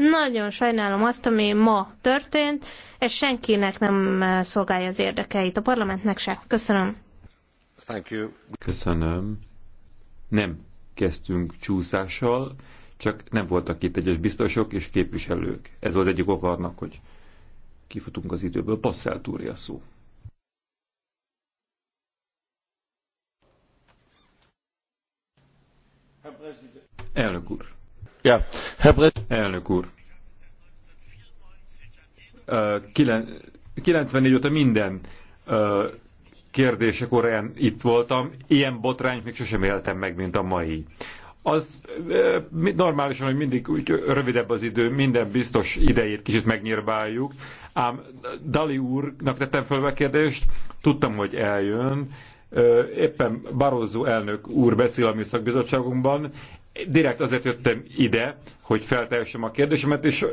Nagyon sajnálom azt, ami ma történt, és senkinek nem eh, szolgálja az érdekeit, a parlamentnek se. Köszönöm. Thank you. Köszönöm. Nem kezdtünk csúszással, csak nem voltak itt egyes biztosok és képviselők. Ez volt egyik oka annak, hogy kifutunk az időből. Passzel a szó. Elnök úr! Elnök úr. 94 óta minden kérdésekor olyan itt voltam, ilyen botrányt még sosem éltem meg, mint a mai. Az normálisan, hogy mindig úgy rövidebb az idő, minden biztos idejét kicsit megnyírbáljuk, ám Dali úrnak tettem fel a kérdést, tudtam, hogy eljön, éppen Barroso elnök úr beszél a mi szakbizottságunkban, direkt azért jöttem ide, hogy feltehessem a kérdésemet, és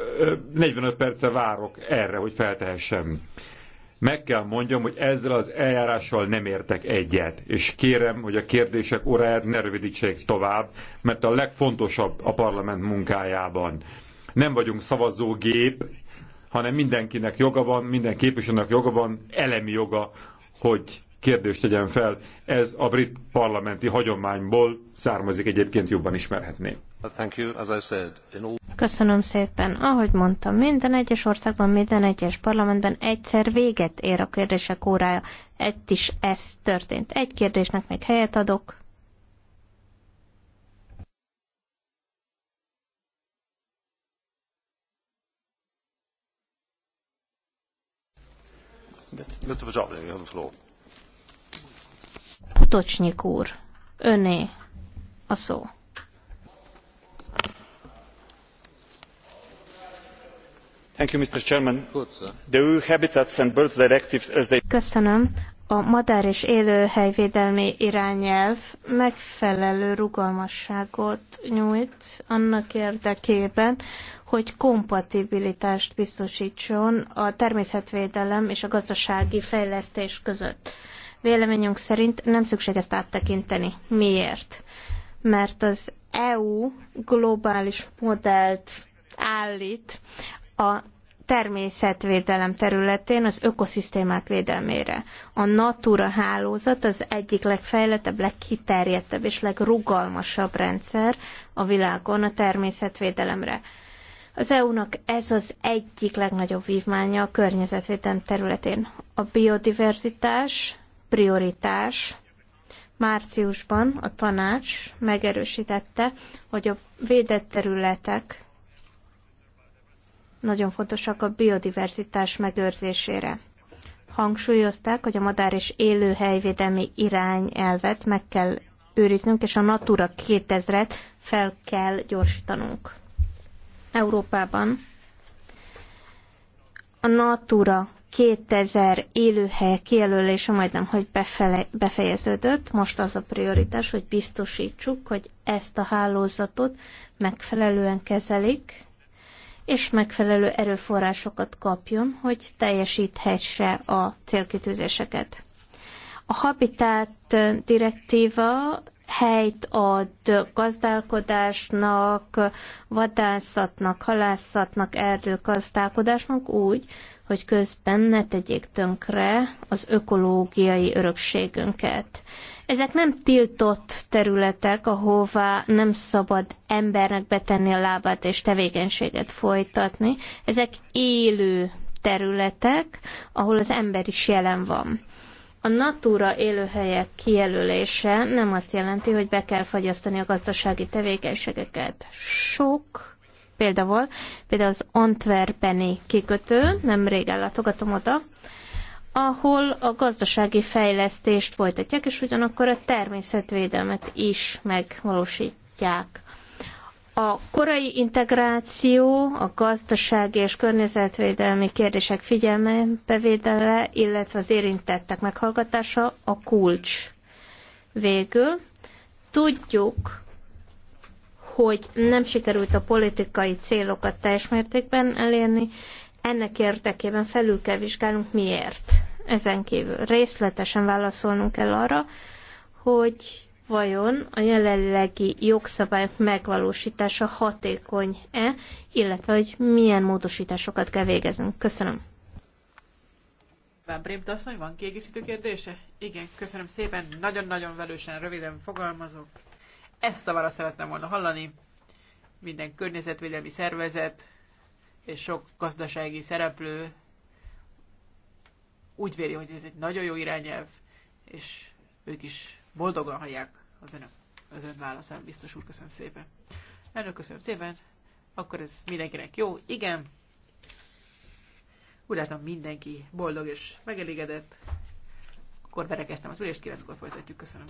45 perce várok erre, hogy feltehessem. Meg kell mondjam, hogy ezzel az eljárással nem értek egyet, és kérem, hogy a kérdések óráját ne rövidítsék tovább, mert a legfontosabb a parlament munkájában. Nem vagyunk szavazógép, hanem mindenkinek joga van, minden képviselőnek joga van, elemi joga, hogy kérdést tegyen fel. Ez a brit parlamenti hagyományból származik, egyébként jobban ismerhetné. Köszönöm szépen. Ahogy mondtam, minden egyes országban, minden egyes parlamentben egyszer véget ér a kérdések órája. Egy is ez történt. Egy kérdésnek még helyet adok. Mr. Pajotley, you have the floor. Potocsnyik úr, öné a szó. Thank you, Mr. Chairman. The EU Habitats and Birds Directives as they... Köszönöm. A madár és élőhelyvédelmi irányelv megfelelő rugalmasságot nyújt annak érdekében, hogy kompatibilitást biztosítson a természetvédelem és a gazdasági fejlesztés között. Véleményünk szerint nem szükség ezt áttekinteni. Miért? Mert az EU globális modellt állít a természetvédelem területén az ökoszisztémák védelmére. A Natura hálózat az egyik legfejlettebb, legkiterjedtebb és legrugalmasabb rendszer a világon a természetvédelemre. Az EU-nak ez az egyik legnagyobb vívmánya a környezetvédelem területén. A biodiverzitás prioritás. Márciusban a tanács megerősítette, hogy a védett területek nagyon fontosak a biodiverzitás megőrzésére. Hangsúlyozták, hogy a madár és élőhelyvédelmi irányelvet meg kell őriznünk, és a Natura 2000-et fel kell gyorsítanunk. Európában a Natura 2000 élőhely kijelölése majdnem, hogy befele, befejeződött. Most az a prioritás, hogy biztosítsuk, hogy ezt a hálózatot megfelelően kezelik, és megfelelő erőforrásokat kapjon, hogy teljesíthesse a célkitűzéseket. A Habitat direktíva helyt ad gazdálkodásnak, vadászatnak, halászatnak, erdőgazdálkodásnak úgy, hogy közben ne tegyék tönkre az ökológiai örökségünket. Ezek nem tiltott területek, ahová nem szabad embernek betenni a lábát és tevékenységet folytatni. Ezek élő területek, ahol az ember is jelen van. A Natura élőhelyek kijelölése nem azt jelenti, hogy be kell fagyasztani a gazdasági tevékenységeket. Sok példa volt, például az Antwerpeni kikötő, régen látogatom oda, ahol a gazdasági fejlesztést folytatják, és ugyanakkor a természetvédelmet is megvalósítják. A korai integráció, a gazdasági és környezetvédelmi kérdések figyelmebevédele, illetve az érintettek meghallgatása a kulcs. Végül tudjuk, hogy nem sikerült a politikai célokat teljes mértékben elérni, ennek érdekében felül kell vizsgálnunk miért. Ezen kívül részletesen válaszolnunk kell arra, hogy vajon a jelenlegi jogszabályok megvalósítása hatékony-e, illetve hogy milyen módosításokat kell végeznünk. Köszönöm. Van asszony, van kiegészítő kérdése? Igen, köszönöm szépen, nagyon-nagyon velősen, röviden fogalmazok. Ezt a választ szeretném volna hallani. Minden környezetvédelmi szervezet és sok gazdasági szereplő úgy véli, hogy ez egy nagyon jó irányelv, és ők is boldogan hallják az önök az ön válaszán, biztos úr, köszönöm szépen. Elnök, köszönöm szépen. Akkor ez mindenkinek jó. Igen. Úgy látom, mindenki boldog és megelégedett. Akkor berekeztem az ülést, kilenckor folytatjuk. Köszönöm.